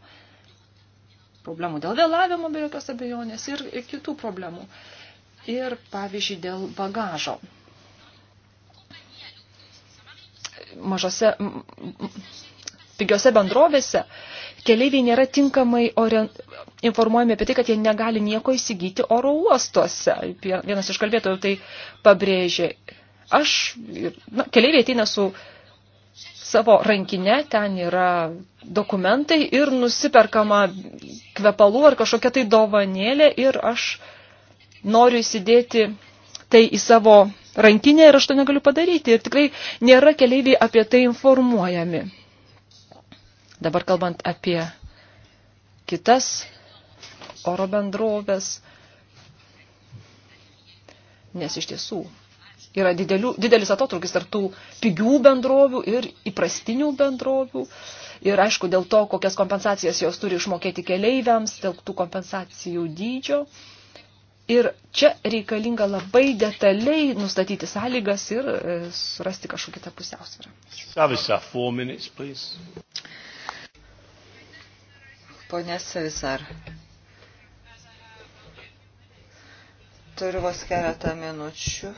Problemų dėl vėlavimo be jokios abejonės ir, ir kitų problemų. Uh, ir, pavyzdžiui, dėl bagažo. Mažose, pigiose bendrovėse keleiviai nėra tinkamai orient... informuojami apie tai, kad jie negali nieko įsigyti oro uostuose. Vienas iš kalbėtojų tai pabrėžė. Aš, na, keleiviai ateina su savo rankinė, ten yra dokumentai ir nusiperkama kvepalų ar kažkokia tai dovanėlė ir aš uh, noriu įsidėti tai į savo rankinę ir aš to negaliu padaryti. Ir tikrai nėra keleiviai apie tai informuojami. Dabar kalbant apie kitas oro bendrovės, nes iš tiesų yra didelių, didelis atotrukis tarp tų pigių bendrovių ir įprastinių bendrovių. Ir aišku, dėl to, kokias kompensacijas jos turi išmokėti keleiviams, dėl tų kompensacijų dydžio. Uh, Ir čia reikalinga labai detaliai nustatyti sąlygas ir e, surasti kažkokią tą pusiausvyrą. Savisar, four minutes, please. Pone Savisar, turiu vos keletą minučių.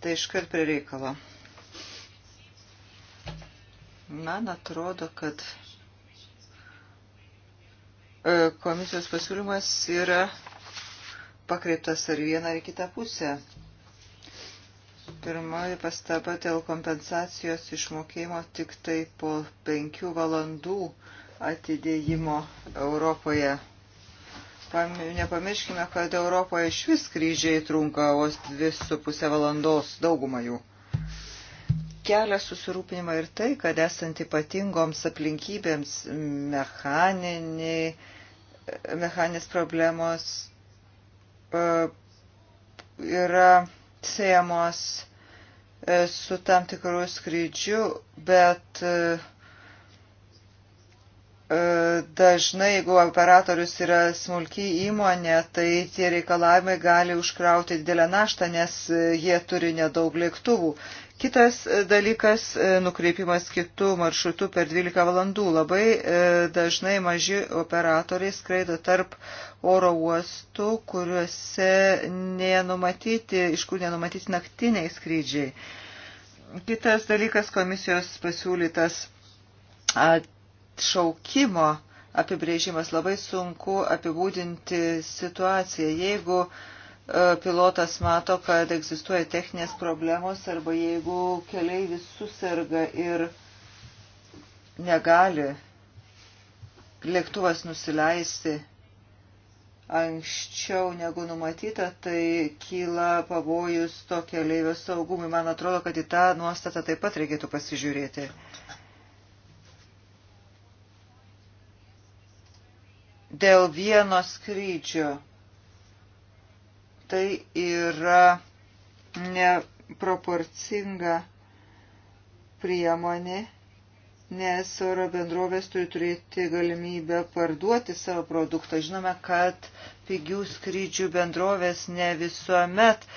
Tai iškart prie reikalo. Man atrodo, kad E, komisijos pasiūlymas yra pakreiptas ar vieną ar kitą pusę. Pirmoji pastaba dėl kompensacijos išmokėjimo tik tai po penkių valandų atidėjimo Europoje. Nepamirškime, kad Europoje iš vis skrydžiai trunka vos 2,5 valandos daugumą jų. Kelia susirūpinimą ir tai, kad esant ypatingoms aplinkybėms mechaniniai, mechaninės problemos e, yra siejamos e, su tam tikrų skrydžių, bet e, dažnai, jeigu operatorius yra smulkiai įmonė, tai tie reikalavimai gali užkrauti didelę naštą, nes jie turi nedaug lėktuvų. Kitas e, dalykas e, - nukreipimas kitų maršrutų per 12 valandų. Labai e, dažnai maži operatoriai skraido tarp oro uostų, kuriuose nenumatyti, iš kur nenumatyti naktiniai skrydžiai. Kitas dalykas - komisijos pasiūlytas atšaukimo apibrėžimas. Labai sunku apibūdinti situaciją. Jeigu uh, E, pilotas mato, kad egzistuoja techninės problemos arba jeigu keleivis susirga ir negali lėktuvas nusileisti anksčiau negu numatyta, tai kyla pavojus to keleivio saugumui. Man atrodo, kad į tą nuostatą taip pat reikėtų pasižiūrėti. Dėl vieno skrydžio tai yra neproporcinga priemonė, nes oro bendrovės turi turėti galimybę parduoti savo produktą. Žinome, kad pigių skrydžių bendrovės ne visuomet e,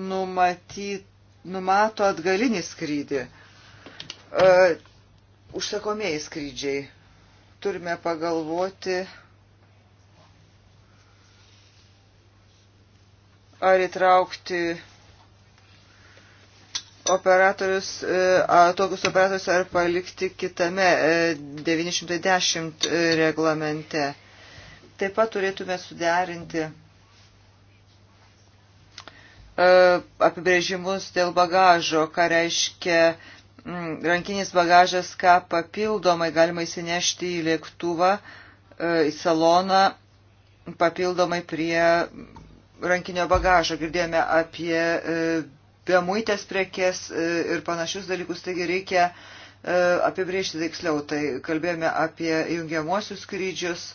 numatyt, numato atgalinį skrydį. E, užsakomieji skrydžiai. Turime pagalvoti ar įtraukti operatorius, e, tokius operatorius ar palikti kitame 910 e, e, reglamente. Taip pat turėtume suderinti apibrėžimus dėl bagažo, ką reiškia rankinis bagažas, ką papildomai galima įsinešti į lėktuvą, į saloną, papildomai prie rankinio bagažo, girdėjome apie e, bemuitės prekes e, ir panašius dalykus, taigi reikia e, apibriežti tiksliau. Tai kalbėjome apie jungiamuosius skrydžius.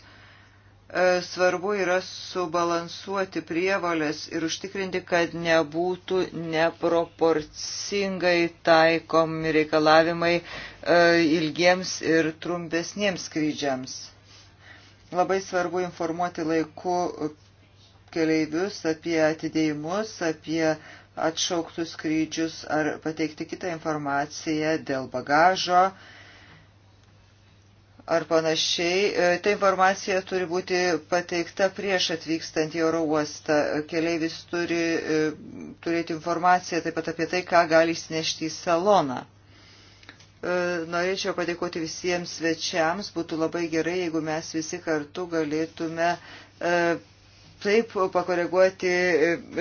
Svarbu yra subalansuoti prievalės ir užtikrinti, kad nebūtų neproporcingai taikomi reikalavimai ilgiems ir trumpesniems skrydžiams. Labai svarbu informuoti laiku keleivius, apie atidėjimus, apie atšauktus skrydžius ar pateikti kitą informaciją dėl bagažo ar panašiai. E, ta informacija turi būti pateikta prieš atvykstant į oro uostą. Keleivis turi e, turėti informaciją taip pat apie tai, ką gali įsinešti į saloną. E, norėčiau padėkoti visiems svečiams. Būtų labai gerai, jeigu mes visi kartu galėtume taip pakoreguoti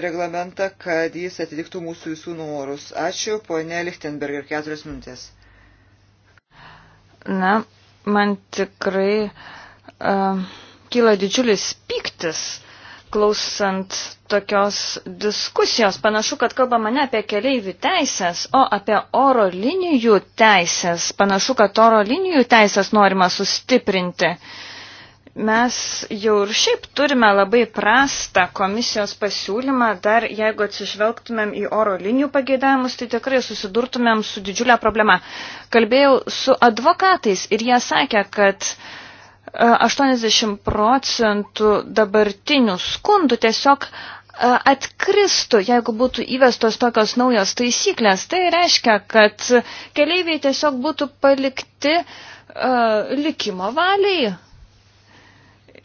reglamentą, kad jis atitiktų mūsų visų norus. Ačiū, ponė Lichtenberger, keturias minutės. Na, man tikrai uh, kyla didžiulis piktis klausant tokios diskusijos. Panašu, kad kalbama ne apie keleivių teisės, o apie oro linijų teisės. Panašu, kad oro linijų teisės norima sustiprinti. Uh, Mes jau ir šiaip turime labai prastą komisijos pasiūlymą, dar jeigu atsižvelgtumėm į oro linijų pageidavimus, tai tikrai susidurtumėm su didžiulė problema. Kalbėjau su advokatais ir jie sakė, kad 80 e, procentų dabartinių skundų tiesiog e, atkristų, jeigu būtų įvestos tokios naujos taisyklės. Tai reiškia, kad keleiviai tiesiog būtų palikti uh, likimo valiai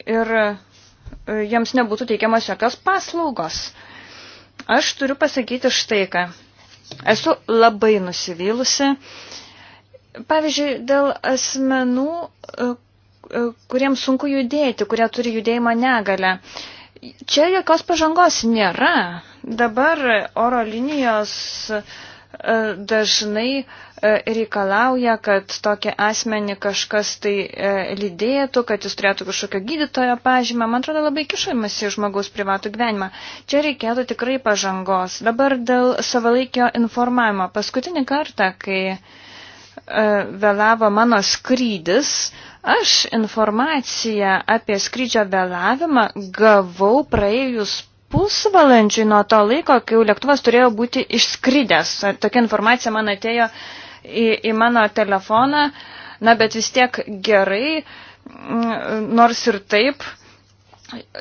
ir e, jiems nebūtų teikiamas jokios paslaugos. Aš turiu pasakyti štai ką. Esu labai nusivylusi. Pavyzdžiui, dėl asmenų, e, e, kuriems sunku judėti, kurie turi judėjimo negalę. Čia jokios pažangos nėra. Dabar oro linijos dažnai uh, E, reikalauja, kad tokį asmenį kažkas tai e, lydėtų, kad jis turėtų kažkokio gydytojo pažymą. Man atrodo, labai kišamas į žmogaus privatų gyvenimą. Čia reikėtų tikrai pažangos. Dabar dėl savalaikio informavimo. Paskutinį kartą, kai e, vėlavo mano skrydis, aš informaciją apie skrydžio vėlavimą gavau praėjus pusvalandžiui nuo to laiko, kai jau lėktuvas turėjo būti išskridęs. Tokia informacija man atėjo uh, į, į mano telefoną, na, bet vis tiek gerai, mm, nors ir taip.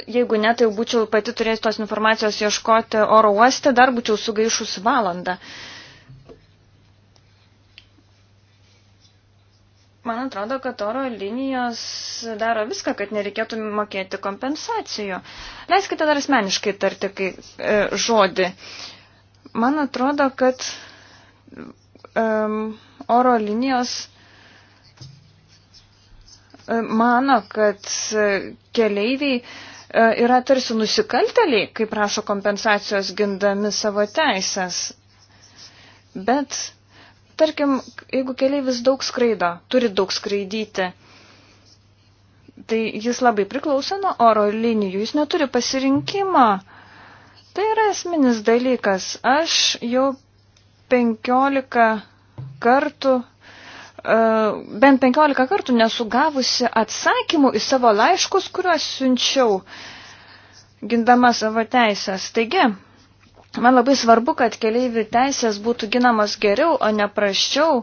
Jeigu ne, tai jau būčiau pati turėjus tos informacijos ieškoti oro uoste, dar būčiau sugaišus valandą. Man atrodo, kad oro linijos daro viską, kad nereikėtų mokėti kompensacijų. Leiskite dar asmeniškai tarti kai, e, žodį. Man atrodo, kad um, oro linijos um, mano, kad uh, keleiviai uh, yra tarsi nusikalteliai, kaip prašo kompensacijos gindami savo teisės. Bet, tarkim, jeigu keleivis daug skraido, turi daug skraidyti, tai jis labai priklauso nuo oro linijų, jis neturi pasirinkimo. Tai yra esminis dalykas. Aš jau 15 kartų e, bent 15 kartų nesugavusi atsakymų į savo laiškus, kuriuos siunčiau gindama savo teisės. Taigi, man labai svarbu, kad keleivių teisės būtų ginamas geriau, o ne praščiau.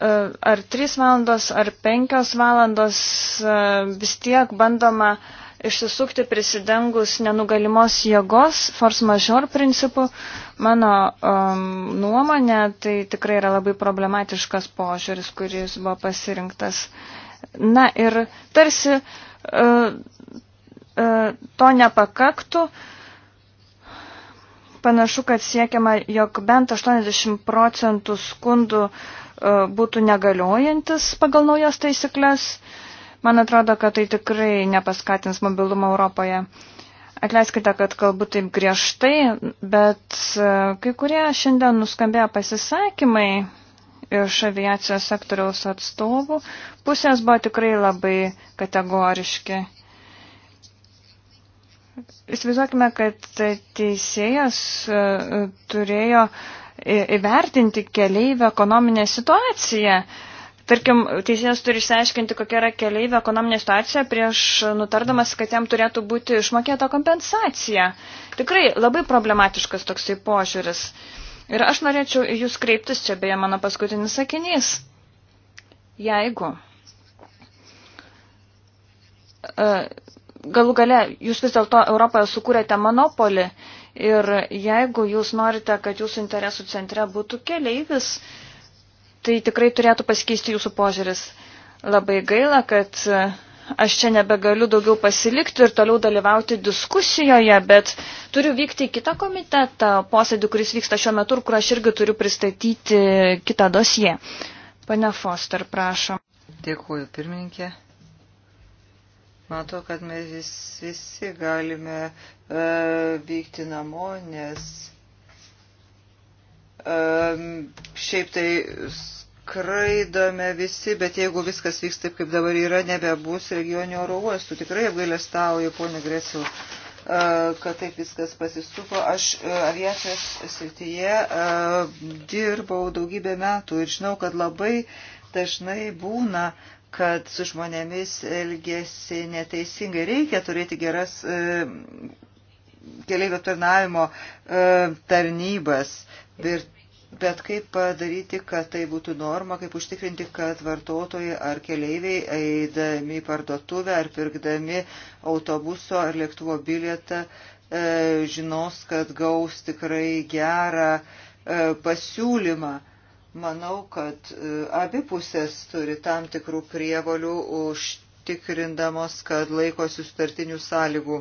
E, ar 3 valandos, ar 5 valandos e, vis tiek bandoma uh, išsisukti prisidengus nenugalimos jėgos, force majeure principų. Mano um, nuomonė, tai tikrai yra labai problematiškas požiūris, kuris buvo pasirinktas. Na ir tarsi uh, uh, to nepakaktų. Panašu, kad siekiama, jog bent 80 procentų skundų uh, būtų negaliojantis pagal naujas taisyklės. Uh, Man atrodo, kad tai tikrai nepaskatins mobilumą Europoje. Atleiskite, kad kalbu taip griežtai, bet e, kai kurie šiandien nuskambėjo pasisakymai iš aviacijos sektoriaus atstovų, pusės buvo tikrai labai kategoriški. Įsivaizduokime, kad teisėjas e, turėjo įvertinti keleivio ekonominę situaciją Tarkim, teisėjas turi išsiaiškinti, kokia yra keleivio ekonominė situacija prieš nutardamas, kad jam turėtų būti išmokėta kompensacija. Tikrai labai problematiškas toksai požiūris. Ir aš norėčiau jūs kreiptis, čia beje mano paskutinis sakinys. Jeigu e, galų gale jūs vis dėlto Europoje sukūrėte monopolį ir jeigu jūs norite, kad jūsų interesų centre būtų keleivis, tai tikrai turėtų pasikeisti jūsų požiūris. Labai gaila, kad e, aš čia nebegaliu daugiau pasilikti ir toliau dalyvauti diskusijoje, bet turiu vykti į kitą komitetą, posėdį, kuris vyksta šiuo metu ir kur aš irgi turiu pristatyti kitą dosiją. Pane Foster, prašom. Dėkuoju, pirmininkė. Matau, kad mes visi galime uh, vykti namo, nes Ehm, šiaip tai skraidome visi, bet jeigu viskas vyks taip, kaip dabar yra, nebebus regioninio oro uostų. Tikrai apgailestauju, ponė Gresiu, ehm, kad taip viskas pasisuko. Aš e, aviacijos srityje ehm, dirbau daugybę metų ir žinau, kad labai dažnai būna kad su žmonėmis elgesi neteisingai. Reikia turėti geras keliaivių aptarnavimo tarnybas, Tai bet kaip padaryti, kad tai būtų norma, kaip užtikrinti, kad vartotojai ar keleiviai eidami į parduotuvę ar pirkdami autobuso ar lėktuvo bilietą e, žinos, kad gaus tikrai gerą e, pasiūlymą. Manau, kad e, abi pusės turi tam tikrų prievalių užtikrindamos, kad laikosi sutartinių sąlygų.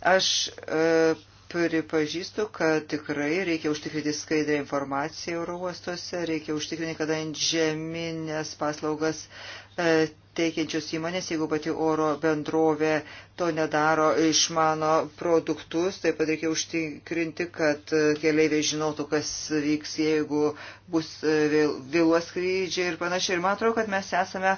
Aš e, pripažįstu, kad tikrai reikia užtikrinti skaidrę informaciją euro uostuose, reikia užtikrinti, kad ant žeminės paslaugas e, teikiančios įmonės, jeigu pati oro bendrovė to nedaro, išmano produktus, taip pat reikia užtikrinti, kad e, keliaiviai žinotų, kas vyks, jeigu bus e, vėluos skrydžiai ir panašiai. Ir man atrodo, kad mes esame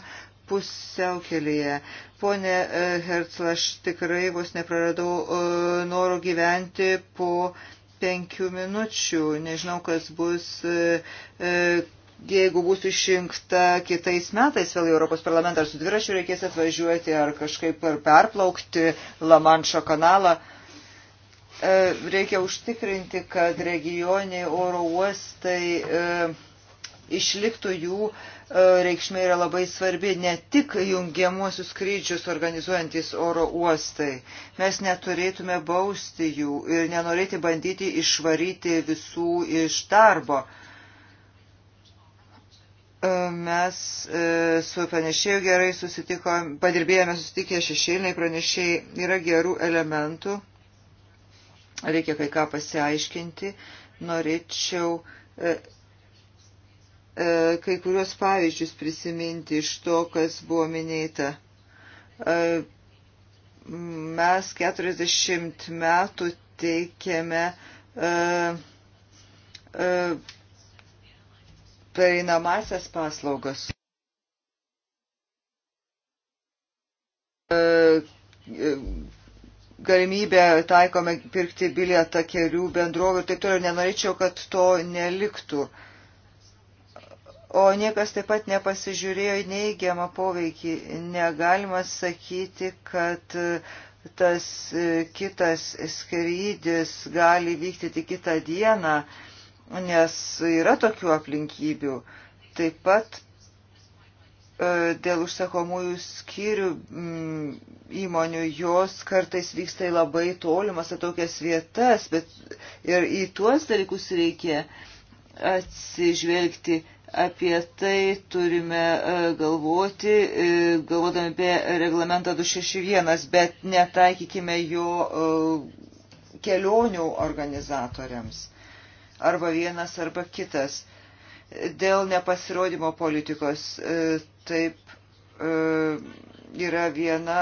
pusiaukelėje. Pone e, Hercl, aš tikrai vos nepraradau e, noro gyventi po penkių minučių. Nežinau, kas bus, e, jeigu būsiu išrinkta kitais metais vėl į Europos parlamentą, ar su dviračiu reikės atvažiuoti, ar kažkaip ar perplaukti Lamanšo kanalą. Reikia užtikrinti, kad regioniai oro uostai išliktų jų e, reikšmė yra labai svarbi, ne tik jungiamuosius skrydžius organizuojantis oro uostai. Mes neturėtume bausti jų ir nenorėti bandyti išvaryti visų iš darbo. E, mes e, su pranešėju gerai susitikom, padirbėjome susitikę šešėliniai pranešėjai, yra gerų elementų, reikia kai ką pasiaiškinti. Norėčiau E, kai kurios pavyzdžius prisiminti iš to, kas buvo minėta. E, mes 40 metų teikiame e, pereinamasias paslaugas. galimybę taikome pirkti bilietą kelių bendrovų ir taip toliau. Nenorėčiau, kad to neliktų. Uh, o niekas taip pat nepasižiūrėjo į neigiamą poveikį. Negalima sakyti, kad e, tas e, kitas skrydis gali vykti tik kitą dieną, nes yra tokių aplinkybių. Taip pat e, dėl užsakomųjų skyrių mm, įmonių jos kartais vyksta į labai tolimas atokias vietas, bet ir į tuos dalykus reikia atsižvelgti. Apie tai turime e, galvoti, e, galvodami apie reglamentą 261, bet netaikykime jo e, kelionių organizatoriams. Arba vienas, arba kitas. Dėl nepasirodymo politikos taip yra viena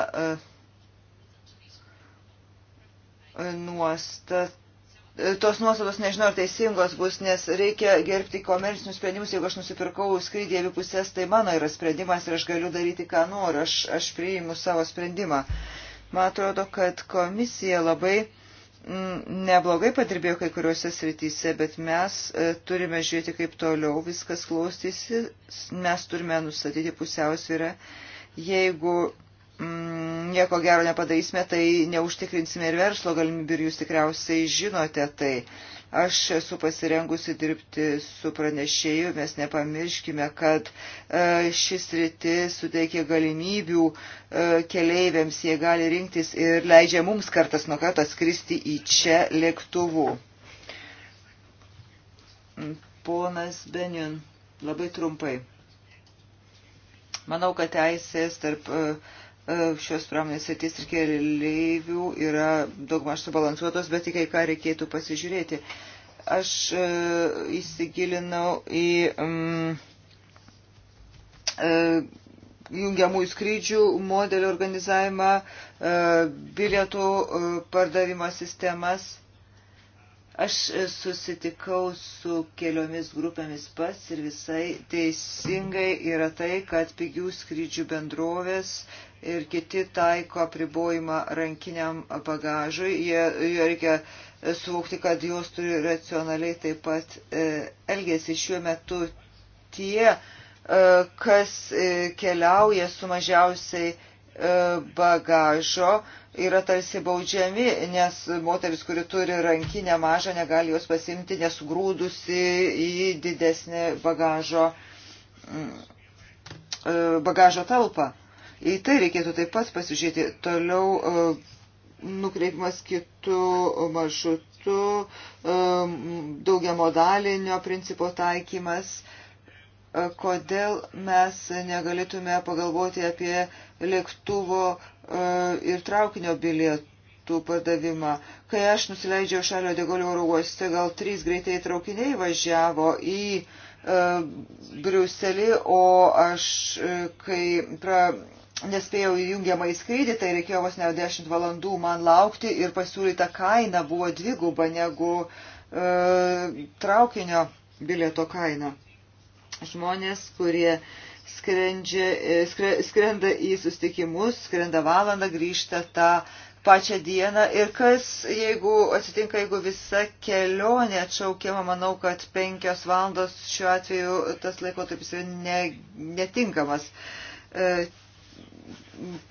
nuostata tos nuostatos nežinau, ar teisingos bus, nes reikia gerbti komercinius sprendimus. Jeigu aš nusipirkau skrydį abi pusės, tai mano yra sprendimas ir aš galiu daryti, ką noriu. Aš, aš priimu savo sprendimą. Man atrodo, kad komisija labai m, mm, neblogai padirbėjo kai kuriuose srityse, bet mes e, turime žiūrėti, kaip toliau viskas klaustysi. Mes turime nustatyti pusiausvyrą. Jeigu mm, nieko gero nepadarysime, tai neužtikrinsime ir verslo galimybių ir jūs tikriausiai žinote tai. Aš esu pasirengusi dirbti su pranešėju, mes nepamirškime, kad e, šis rytis suteikia galimybių e, keleiviams, jie gali rinktis ir leidžia mums kartas nuo karto skristi į čia lėktuvų. Ponas Benin, labai trumpai. Manau, kad teisės tarp uh, E, šios pramonės sritis ir keleivių yra daugmaž subalansuotos, bet tik į ką reikėtų pasižiūrėti. Aš e, įsigilinau į mm, e, jungiamųjų skrydžių modelio organizavimą, bilietų pardavimo sistemas Aš e, susitikau su keliomis grupėmis pats ir visai teisingai yra tai, kad pigių skrydžių bendrovės ir kiti taiko apribojimą rankiniam bagažui. Jie, jie reikia e, suvokti, kad jos turi racionaliai taip pat e, elgesi šiuo metu tie, e, kas e, keliauja su mažiausiai e, bagažo. E, yra tarsi baudžiami, nes moteris, kuri turi rankinę mažą, negali jos pasimti, nesugrūdusi į didesnį bagažo, mm, e, bagažo talpą. Į tai reikėtų taip pat pasižiūrėti. Toliau e, nukreipimas kitų maršrutų, e, daugiamodalinio principo taikymas E, kodėl mes negalėtume pagalvoti apie lėktuvo e, ir traukinio bilietų pardavimą. Kai aš nusileidžiau šalio degolio oro uoste, gal trys greitai traukiniai važiavo į e, Briuselį, o aš, kai pra, nespėjau įjungiamą į skrydį, tai reikėjo vos ne 10 valandų man laukti ir pasiūlyta kaina buvo dviguba negu e, traukinio bilieto kaina žmonės, kurie skrendžia, e, skre, skrenda į sustikimus, skrenda valandą, grįžta tą pačią dieną. Ir kas, jeigu atsitinka, jeigu visa kelionė atšaukiama, manau, kad penkios valandos šiuo atveju tas laikotarpis yra ne, netinkamas. E,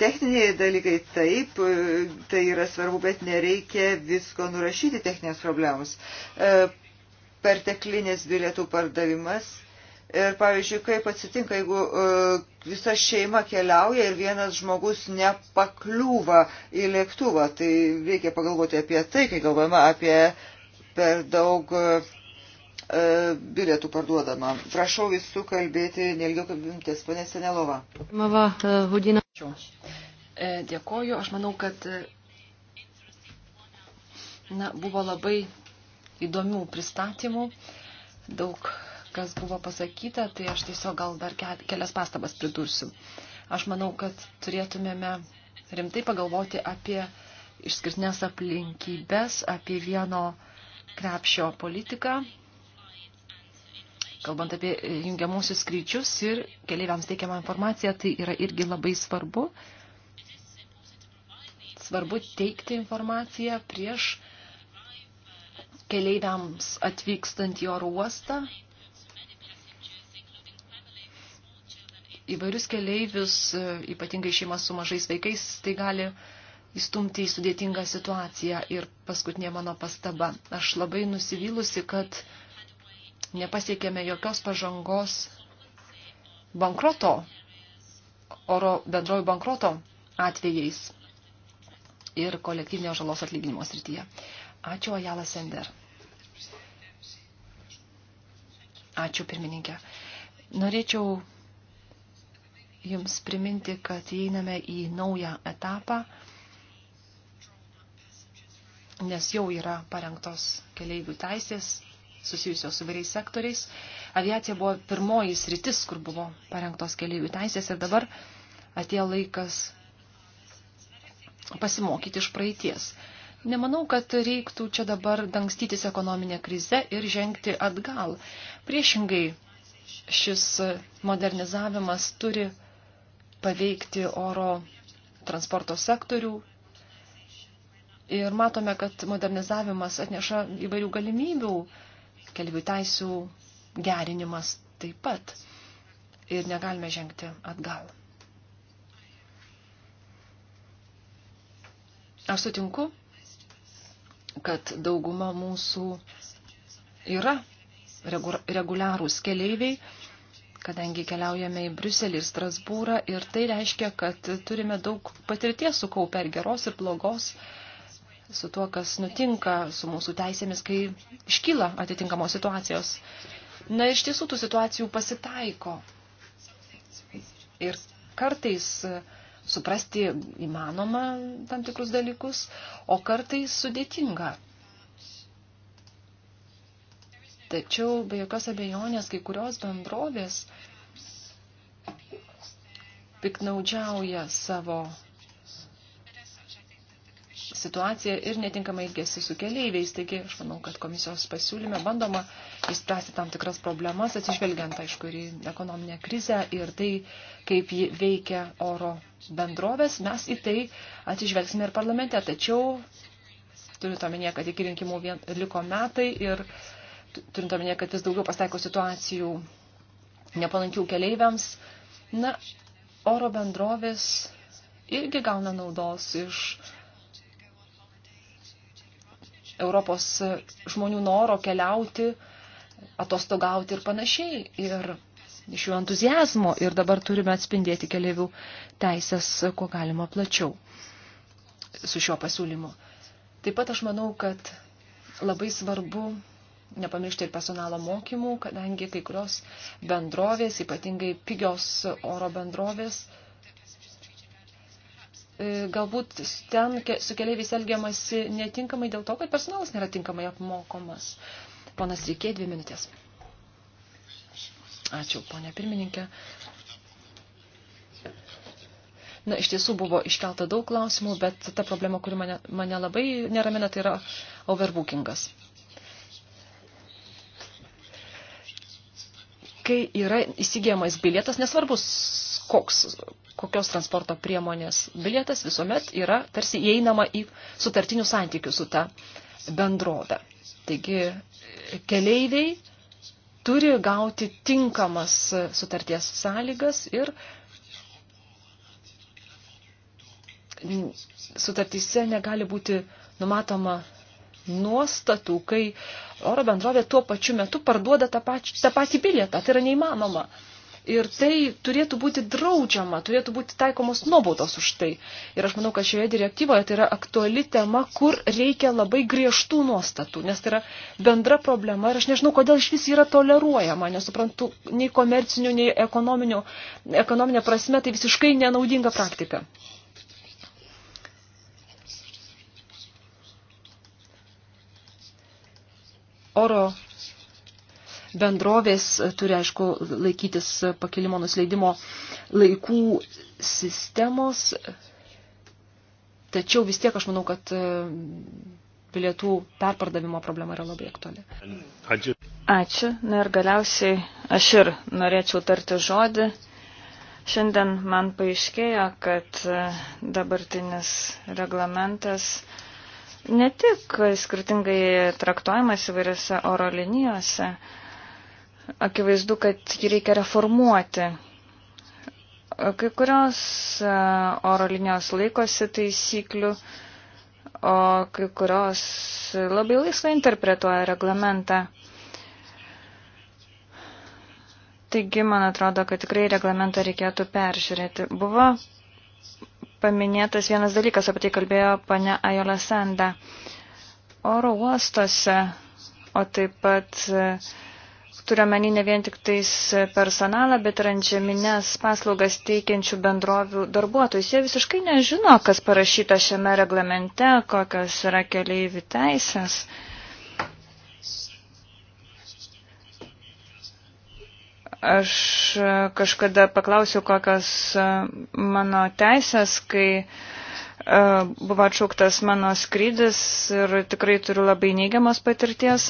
techniniai dalykai taip, e, tai yra svarbu, bet nereikia visko nurašyti techninės problemos. Perteklinis bilietų pardavimas Ir pavyzdžiui, kaip atsitinka, jeigu uh, visa šeima keliauja ir vienas žmogus nepakliūva į lėktuvą, tai reikia pagalvoti apie tai, kai galvojama apie per daug uh, bilietų parduodama. Prašau visų kalbėti nelgiau kaip jumtės, ponė Senelova. Mava, Hudina. Dėkoju, aš manau, kad na, buvo labai įdomių pristatymų, daug kas buvo pasakyta, tai aš tiesiog gal dar kelias pastabas pridursiu. Aš manau, kad turėtumėme rimtai pagalvoti apie išskirtinės aplinkybės, apie vieno krepšio politiką, kalbant apie jungiamusius skrydžius ir keliaiviams teikiamą informaciją, tai yra irgi labai svarbu. Svarbu teikti informaciją prieš keliaiviams atvykstant į oro uostą, įvairius keleivius, e, ypatingai šeimas su mažais vaikais, tai gali įstumti į sudėtingą situaciją. Ir paskutinė mano pastaba. Aš labai nusivylusi, kad nepasiekėme jokios pažangos bankroto, oro bendrojų bankroto atvejais ir kolektyvinio žalos atlyginimo srityje. Ačiū, Ajala Sender. Ačiū, pirmininkė. Norėčiau Jums priminti, kad įeiname į naują etapą, nes jau yra parengtos keleivių teisės susijusios su vairiais sektoriais. Aviacija buvo pirmoji sritis, kur buvo parengtos keleivių teisės ir dabar atėjo laikas pasimokyti iš praeities. Nemanau, kad reiktų čia dabar dangstytis ekonominę krizę ir žengti atgal. Priešingai, šis modernizavimas turi paveikti oro transporto sektorių. Ir matome, kad modernizavimas atneša įvairių galimybių, kelių teisų gerinimas taip pat. Ir negalime žengti atgal. Aš sutinku, kad dauguma mūsų yra reguliarūs keleiviai kadangi keliaujame į Briuselį ir Strasbūrą ir tai reiškia, kad turime daug patirties sukaupę ir geros ir blogos su tuo, kas nutinka su mūsų teisėmis, kai iškyla atitinkamos situacijos. Na, iš tiesų tų situacijų pasitaiko. Ir kartais suprasti įmanoma tam tikrus dalykus, o kartais sudėtinga. Tačiau be jokios abejonės kai kurios bendrovės piknaudžiauja savo situaciją ir netinkamai elgesi su keleiviais. Taigi, aš manau, kad komisijos pasiūlyme bandoma išspręsti tam tikras problemas, atsižvelgiant, aišku, ir į ekonominę krizę ir tai, kaip ji veikia oro bendrovės. Mes į tai atsižvelgsime ir parlamente. Tačiau, turiu to minėti, kad iki rinkimų vien, liko metai ir uh, turint omenyje, kad vis daugiau pasitaiko situacijų nepalankių keleiviams. Na, oro bendrovės irgi gauna naudos iš Europos žmonių noro keliauti, atostogauti ir panašiai. Ir iš jų entuzijazmo ir dabar turime atspindėti keliaivių teisės, kuo galima plačiau su šiuo pasiūlymu. Taip pat aš manau, kad labai svarbu nepamiršti ir personalo mokymų, kadangi kai kurios bendrovės, ypatingai pigios oro bendrovės, e, galbūt ten su keliaiviais elgiamasi netinkamai dėl to, kad personalas nėra tinkamai apmokomas. Ponas Rykė, dvi minutės. Ačiū, ponė pirmininkė. Na, iš tiesų buvo iškelta daug klausimų, bet ta problema, kuri mane, mane labai neramina, tai yra overbookingas. kai yra įsigijamas bilietas, nesvarbus koks, kokios transporto priemonės bilietas, visuomet yra tarsi įeinama į sutartinių santykių su ta bendrovė. Taigi keleiviai turi gauti tinkamas sutarties sąlygas ir sutartyse negali būti numatoma nuostatų, kai oro bendrovė tuo pačiu metu parduoda tą, pač, tą patį bilietą. Tai yra neįmanoma. Ir tai turėtų būti draudžiama, turėtų būti taikomos nuobaudos už tai. Ir aš manau, kad šioje direktyvoje tai yra aktuali tema, kur reikia labai griežtų nuostatų, nes tai yra bendra problema ir aš nežinau, kodėl iš vis yra toleruojama, nesuprantu, nei komercinių, nei ekonominio, ekonominė prasme tai visiškai nenaudinga praktika. oro bendrovės turi, aišku, laikytis pakilimo nusileidimo laikų sistemos, tačiau vis tiek aš manau, kad e, bilietų perpardavimo problema yra labai aktuali. Ačiū. Ačiū. Na ir galiausiai aš ir norėčiau tarti žodį. Šiandien man paaiškėjo, kad e, dabartinis reglamentas ne tik skirtingai traktuojamas įvairiose oro linijose, akivaizdu, kad jį reikia reformuoti. Kai kurios e, oro linijos laikosi taisyklių, o kai kurios labai laisvai interpretuoja reglamentą. Taigi, man atrodo, kad tikrai reglamentą reikėtų peržiūrėti. Buvo paminėtas vienas dalykas, apie tai kalbėjo pane Ajola Sanda. Oro uostose, o taip pat e, turiuomenį ne vien tik tais personalą, bet ir antžeminės paslaugas teikiančių bendrovių darbuotojus. Jie visiškai nežino, kas parašyta šiame reglamente, kokios yra keleivių teisės. Uh, Aš e, kažkada paklausiau, kokios e, mano teisės, kai e, buvo atšauktas mano skrydis ir tikrai turiu labai neigiamas patirties.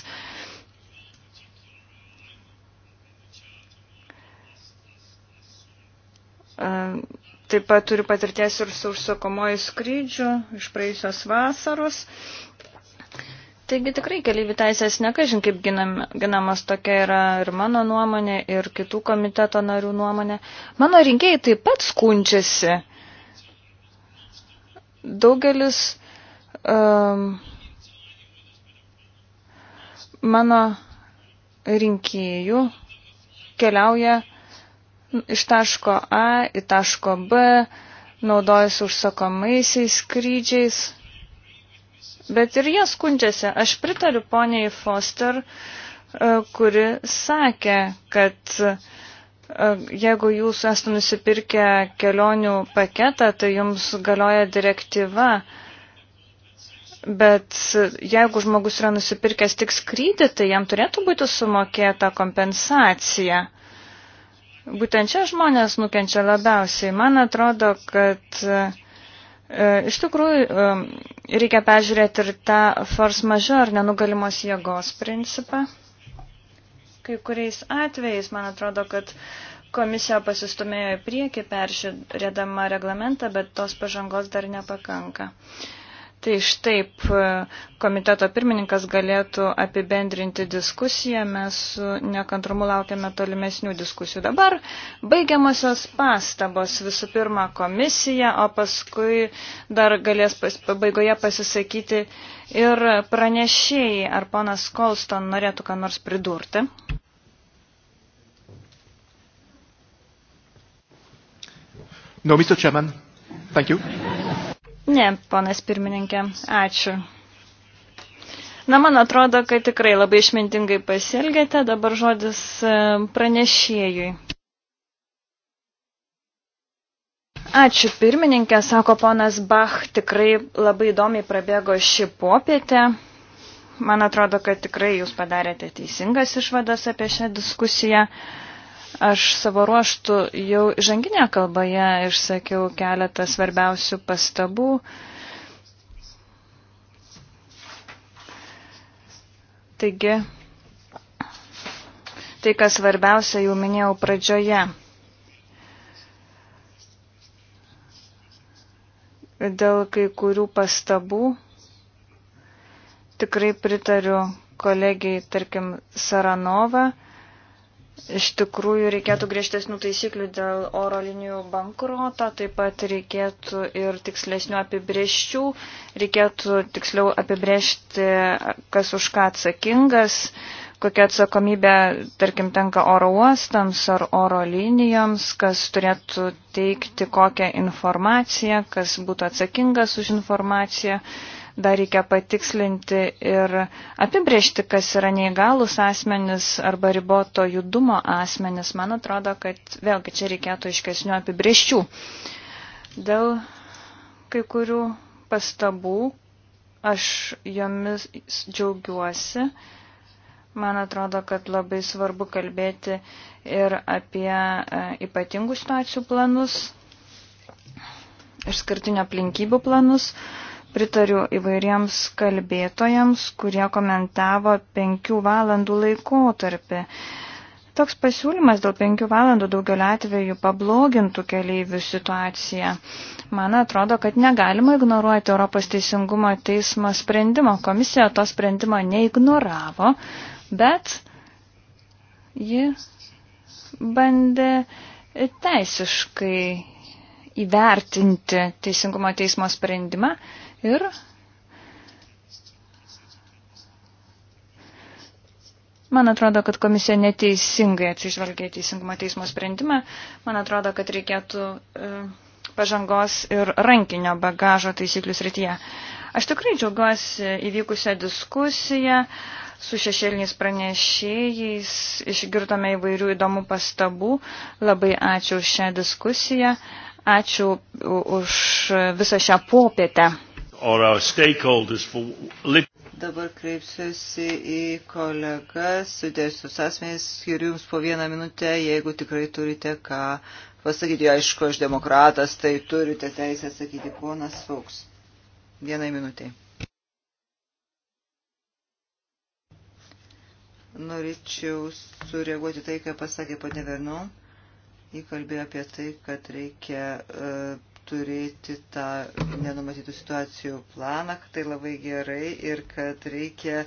Taip pat turiu patirties ir su užsakomoju skrydžiu iš praėjusios vasaros. Taigi tikrai keliaivių teisės nekažin kaip ginam, ginamas tokia yra ir mano nuomonė, ir kitų komiteto narių nuomonė. Mano rinkėjai taip pat skunčiasi. Daugelis um, mano rinkėjų keliauja iš taško A į taško B, naudojasi užsakomaisiais skrydžiais bet ir jie skundžiasi. Aš pritariu poniai Foster, e, kuri sakė, kad e, jeigu jūs esate nusipirkę kelionių paketą, tai jums galioja direktyva. Bet jeigu žmogus yra nusipirkęs tik skrydį, tai jam turėtų būti sumokėta kompensacija. Būtent čia žmonės nukenčia labiausiai. Man atrodo, kad uh, E, iš tikrųjų, e, reikia peržiūrėti ir tą force majeure, nenugalimos jėgos principą. Kai kuriais atvejais, man atrodo, kad komisija pasistumėjo į priekį peržiūrėdama reglamentą, bet tos pažangos dar nepakanka. Uh, Tai štaip komiteto pirmininkas galėtų apibendrinti diskusiją, mes su nekantrumu laukiame tolimesnių diskusijų. Dabar baigiamosios pastabos visų pirma komisija, o paskui dar galės pas, pabaigoje pasisakyti ir pranešėjai, ar ponas Kolston norėtų ką nors pridurti. No, Mr. Chairman, thank you. Ne, ponas pirmininkė, ačiū. Na, man atrodo, kad tikrai labai išmintingai pasielgėte. Dabar žodis e, pranešėjui. Ačiū pirmininkė, sako ponas Bach, tikrai labai įdomiai prabėgo šį popietę. Man atrodo, kad tikrai jūs padarėte teisingas išvadas apie šią diskusiją. Aš savo ruoštų jau žanginė kalboje išsakiau keletą svarbiausių pastabų. Taigi, tai, kas svarbiausia, jau minėjau pradžioje. Dėl kai kurių pastabų tikrai pritariu kolegijai, tarkim, Saranovą. Iš tikrųjų reikėtų griežtesnių taisyklių dėl oro linijų bankruoto, taip pat reikėtų ir tikslesnių apibrieščių, reikėtų tiksliau apibriežti, kas už ką atsakingas, kokia atsakomybė, tarkim, tenka oro uostams ar oro linijoms, kas turėtų teikti kokią informaciją, kas būtų atsakingas už informaciją. Uh, Dar reikia patikslinti ir apibriežti, kas yra neįgalus asmenis arba riboto judumo asmenis. Man atrodo, kad vėlgi čia reikėtų iškesnių apibriežčių. Dėl kai kurių pastabų aš jomis džiaugiuosi. Man atrodo, kad labai svarbu kalbėti ir apie e, ypatingų situacijų planus, išskirtinio aplinkybių planus. Uh, Pritariu įvairiems kalbėtojams, kurie komentavo penkių valandų laikotarpį. Toks pasiūlymas dėl penkių valandų daugelio atveju pablogintų keleivių situaciją. Man atrodo, kad negalima ignoruoti Europos teisingumo teismo sprendimo. Komisija to sprendimo neignoravo, bet ji bandė teisiškai įvertinti teisingumo teismo sprendimą Ir Man atrodo, kad komisija neteisingai atsižvelgia į teisingumo teismo sprendimą. Man atrodo, kad reikėtų e, pažangos ir rankinio bagažo taisyklių srityje. Aš tikrai džiaugiuosi įvykusią diskusiją su šešėliniais pranešėjais, išgirdome įvairių įdomų pastabų. Labai ačiū už šią diskusiją, ačiū už visą šią popietę or our stakeholders for Dabar kreipsiuosi į kolegas, sudėsius asmenys, skiriu jums po vieną minutę, jeigu tikrai turite ką pasakyti. Aišku, aš demokratas, tai turite teisę sakyti ponas Sauks. Vienai minutiai. Norėčiau sureaguoti tai, ką pasakė ponė Vernon. Ji kalbėjo apie tai, kad reikia uh, turėti tą nenumatytų situacijų planą, kad tai labai gerai ir kad reikia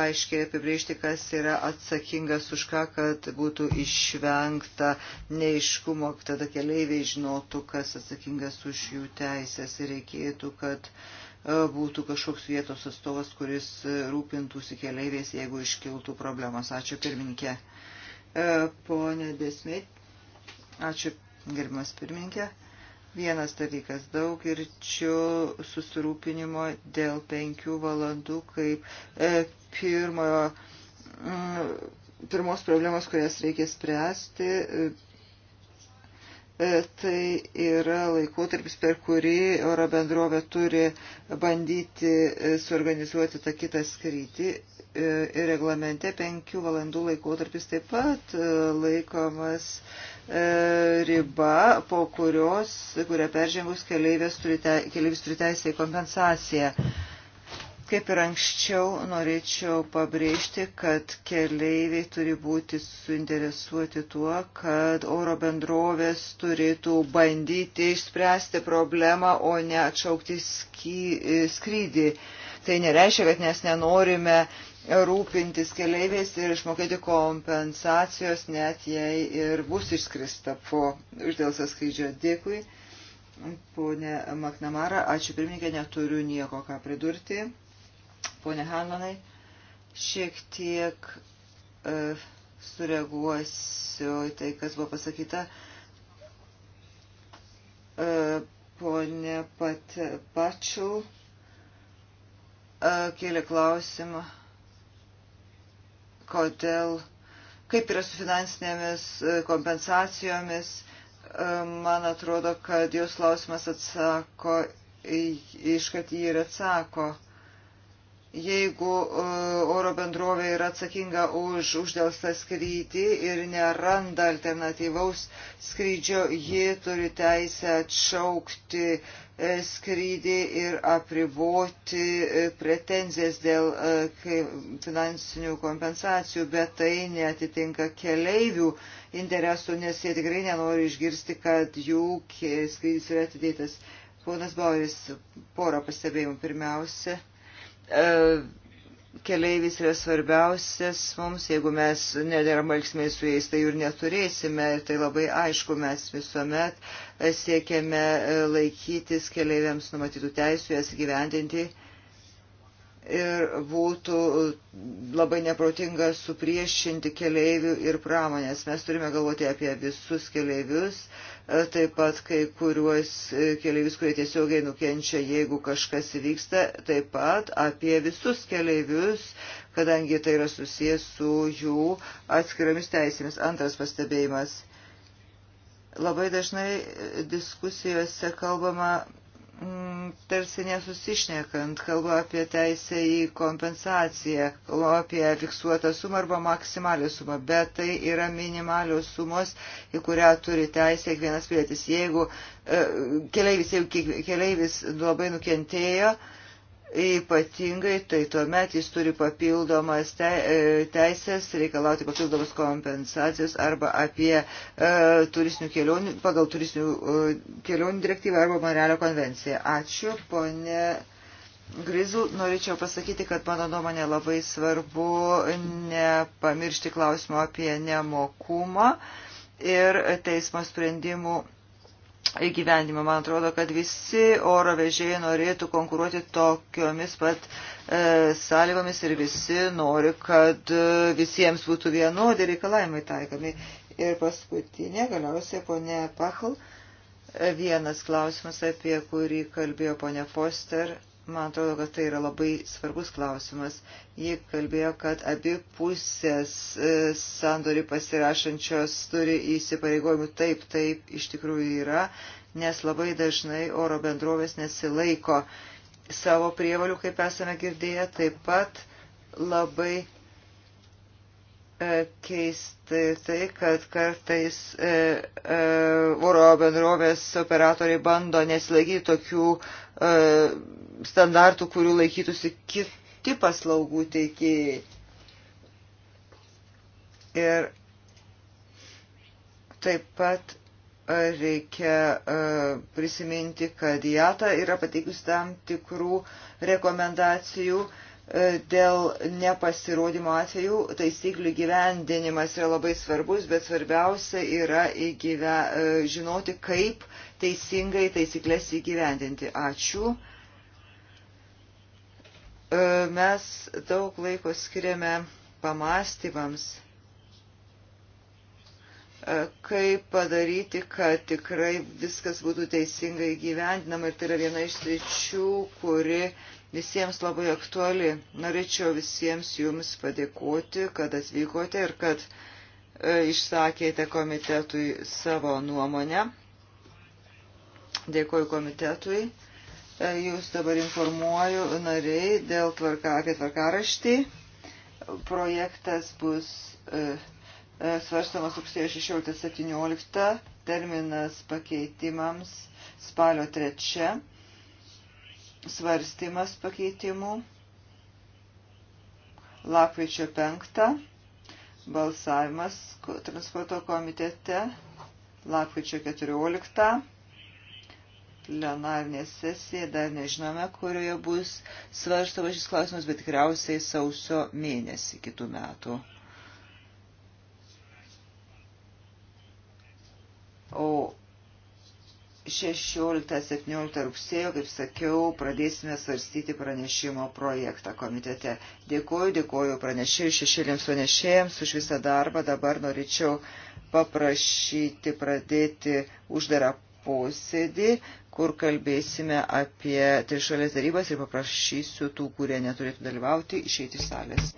aiškiai apibriežti, kas yra atsakingas už ką, kad būtų išvengta neiškumo, tada keleiviai žinotų, kas atsakingas už jų teisės ir reikėtų, kad e, būtų kažkoks vietos atstovas, kuris e, rūpintųsi keleiviais, jeigu iškiltų problemas. Ačiū pirmininkė. E, Pone Desmit, ačiū gerbimas pirmininkė. Vienas dalykas - daug ir čia susirūpinimo dėl penkių valandų kaip e, pirmojo, m, mm, pirmos problemos, kurias reikia spręsti. E, tai yra laikotarpis, per kurį oro bendrovė turi bandyti e, suorganizuoti tą kitą skrydį E, ir reglamente penkių valandų laikotarpis taip pat e, laikomas e, riba, po kurios, kurią peržengus keleivis turi, te, turi teisę į kompensaciją. Kaip ir anksčiau, norėčiau pabrėžti, kad keleiviai turi būti suinteresuoti tuo, kad oro bendrovės turėtų bandyti išspręsti problemą, o ne atšaukti sky, skrydį. Tai nereiškia, kad mes nenorime uh, rūpintis keleiviais ir išmokėti kompensacijos, net jei ir bus išskrista po uždėlsio skrydžio. Dėkui, ponė Maknamara, ačiū pirmininkė, neturiu nieko ką pridurti. Pone Hanmanai, šiek tiek e, sureaguosiu į tai, kas buvo pasakyta. E, ponė pat, pačių e, kėlė klausimą kodėl, kaip yra su finansinėmis e, kompensacijomis. E, man atrodo, kad jos klausimas atsako, iškart jį ir atsako jeigu e, oro bendrovė yra atsakinga už uždėlstą skrydį ir neranda alternatyvaus skrydžio, ji turi teisę atšaukti e, skrydį ir apriboti e, pretenzijas dėl finansinių kompensacijų, bet tai netitinka keleivių interesų, nes jie tikrai nenori išgirsti, kad jų skrydis yra atidėtas. Ponas Bauris, porą pastebėjimų pirmiausia E, keleivis yra svarbiausias mums, jeigu mes nederamai elgsime su jais, tai jų ir neturėsime. Ir tai labai aišku, mes visuomet siekiame laikytis keleiviams numatytų teisų, jas gyvendinti ir būtų labai neprotinga supriešinti keleivių ir pramonės. Mes turime galvoti apie visus keleivius, e, taip pat kai kuriuos e, keleivius, kurie tiesiogiai nukenčia, jeigu kažkas įvyksta, taip pat apie visus keleivius, kadangi tai yra susijęs su jų atskiromis teisėmis. Antras pastebėjimas. Labai dažnai e, diskusijose kalbama Mm, tarsi nesusišnekant, kalba apie teisę į kompensaciją, kalba apie fiksuotą sumą arba maksimalią sumą, bet tai yra minimalios sumos, į kurią turi teisę kiekvienas pilietis. Jeigu e, keleivis, jeigu keleivis labai nukentėjo, ypatingai, tai tuomet jis turi papildomas e, teisės reikalauti papildomas kompensacijos arba apie e, turistinių kelionių, pagal turistinių e, kelionių direktyvą arba Monrealio konvenciją. Ačiū, ponė. Grizl, norėčiau pasakyti, kad mano nuomonė labai svarbu nepamiršti klausimo apie nemokumą ir teismo sprendimų įgyvendimą. Man atrodo, kad visi oro vežėjai norėtų konkuruoti tokiomis pat e, sąlygomis ir visi nori, kad e, visiems būtų vienodi reikalavimai taikomi. Ir paskutinė, galiausiai, ponė Pachl, e, vienas klausimas, apie kurį kalbėjo ponė Foster, Man atrodo, kad tai yra labai svarbus klausimas. Ji kalbėjo, kad abi pusės e, sandori pasirašančios turi įsipareigojimų. Taip, taip iš tikrųjų yra, nes labai dažnai oro bendrovės nesilaiko savo prievalių, kaip esame girdėję, taip pat labai E, keisti tai, kad kartais e, e, oro bendrovės operatoriai bando nesilaikyti tokių e, standartų, kurių laikytųsi kiti paslaugų teikėjai. Ir taip pat e, reikia e, prisiminti, kad JATA yra pateikusi tam tikrų rekomendacijų E, dėl nepasirodymo atvejų taisyklių gyvendinimas yra labai svarbus, bet svarbiausia yra įgyve, e, žinoti, kaip teisingai taisyklės įgyvendinti. Ačiū. E, mes daug laiko skiriame pamastymams, kaip padaryti, kad tikrai viskas būtų teisingai gyvendinama ir tai yra viena iš sričių, kuri uh, visiems labai aktuali. Norėčiau visiems jums padėkoti, kad atvykote ir kad e, išsakėte komitetui savo nuomonę. Dėkoju komitetui. E, jūs dabar informuoju nariai dėl tvarka, apie tvarkaraštį. Projektas bus e, e svarstamas rugsėjo 16-17, terminas pakeitimams spalio 3 svarstymas pakeitimų lakvičio 5, balsavimas transporto komitete lakvičio 14, plenarinė sesija, dar nežinome, kurioje bus svarstama šis klausimas, bet tikriausiai sausio mėnesį kitų metų. O 16-17 rugsėjo, kaip sakiau, pradėsime svarstyti pranešimo projektą komitete. Dėkuoju, dėkuoju pranešėjų šešėlėms pranešėjams už visą darbą. Dabar norėčiau paprašyti pradėti uždarą posėdį, kur kalbėsime apie trišalės darybas ir paprašysiu tų, kurie neturėtų dalyvauti, išeiti iš salės.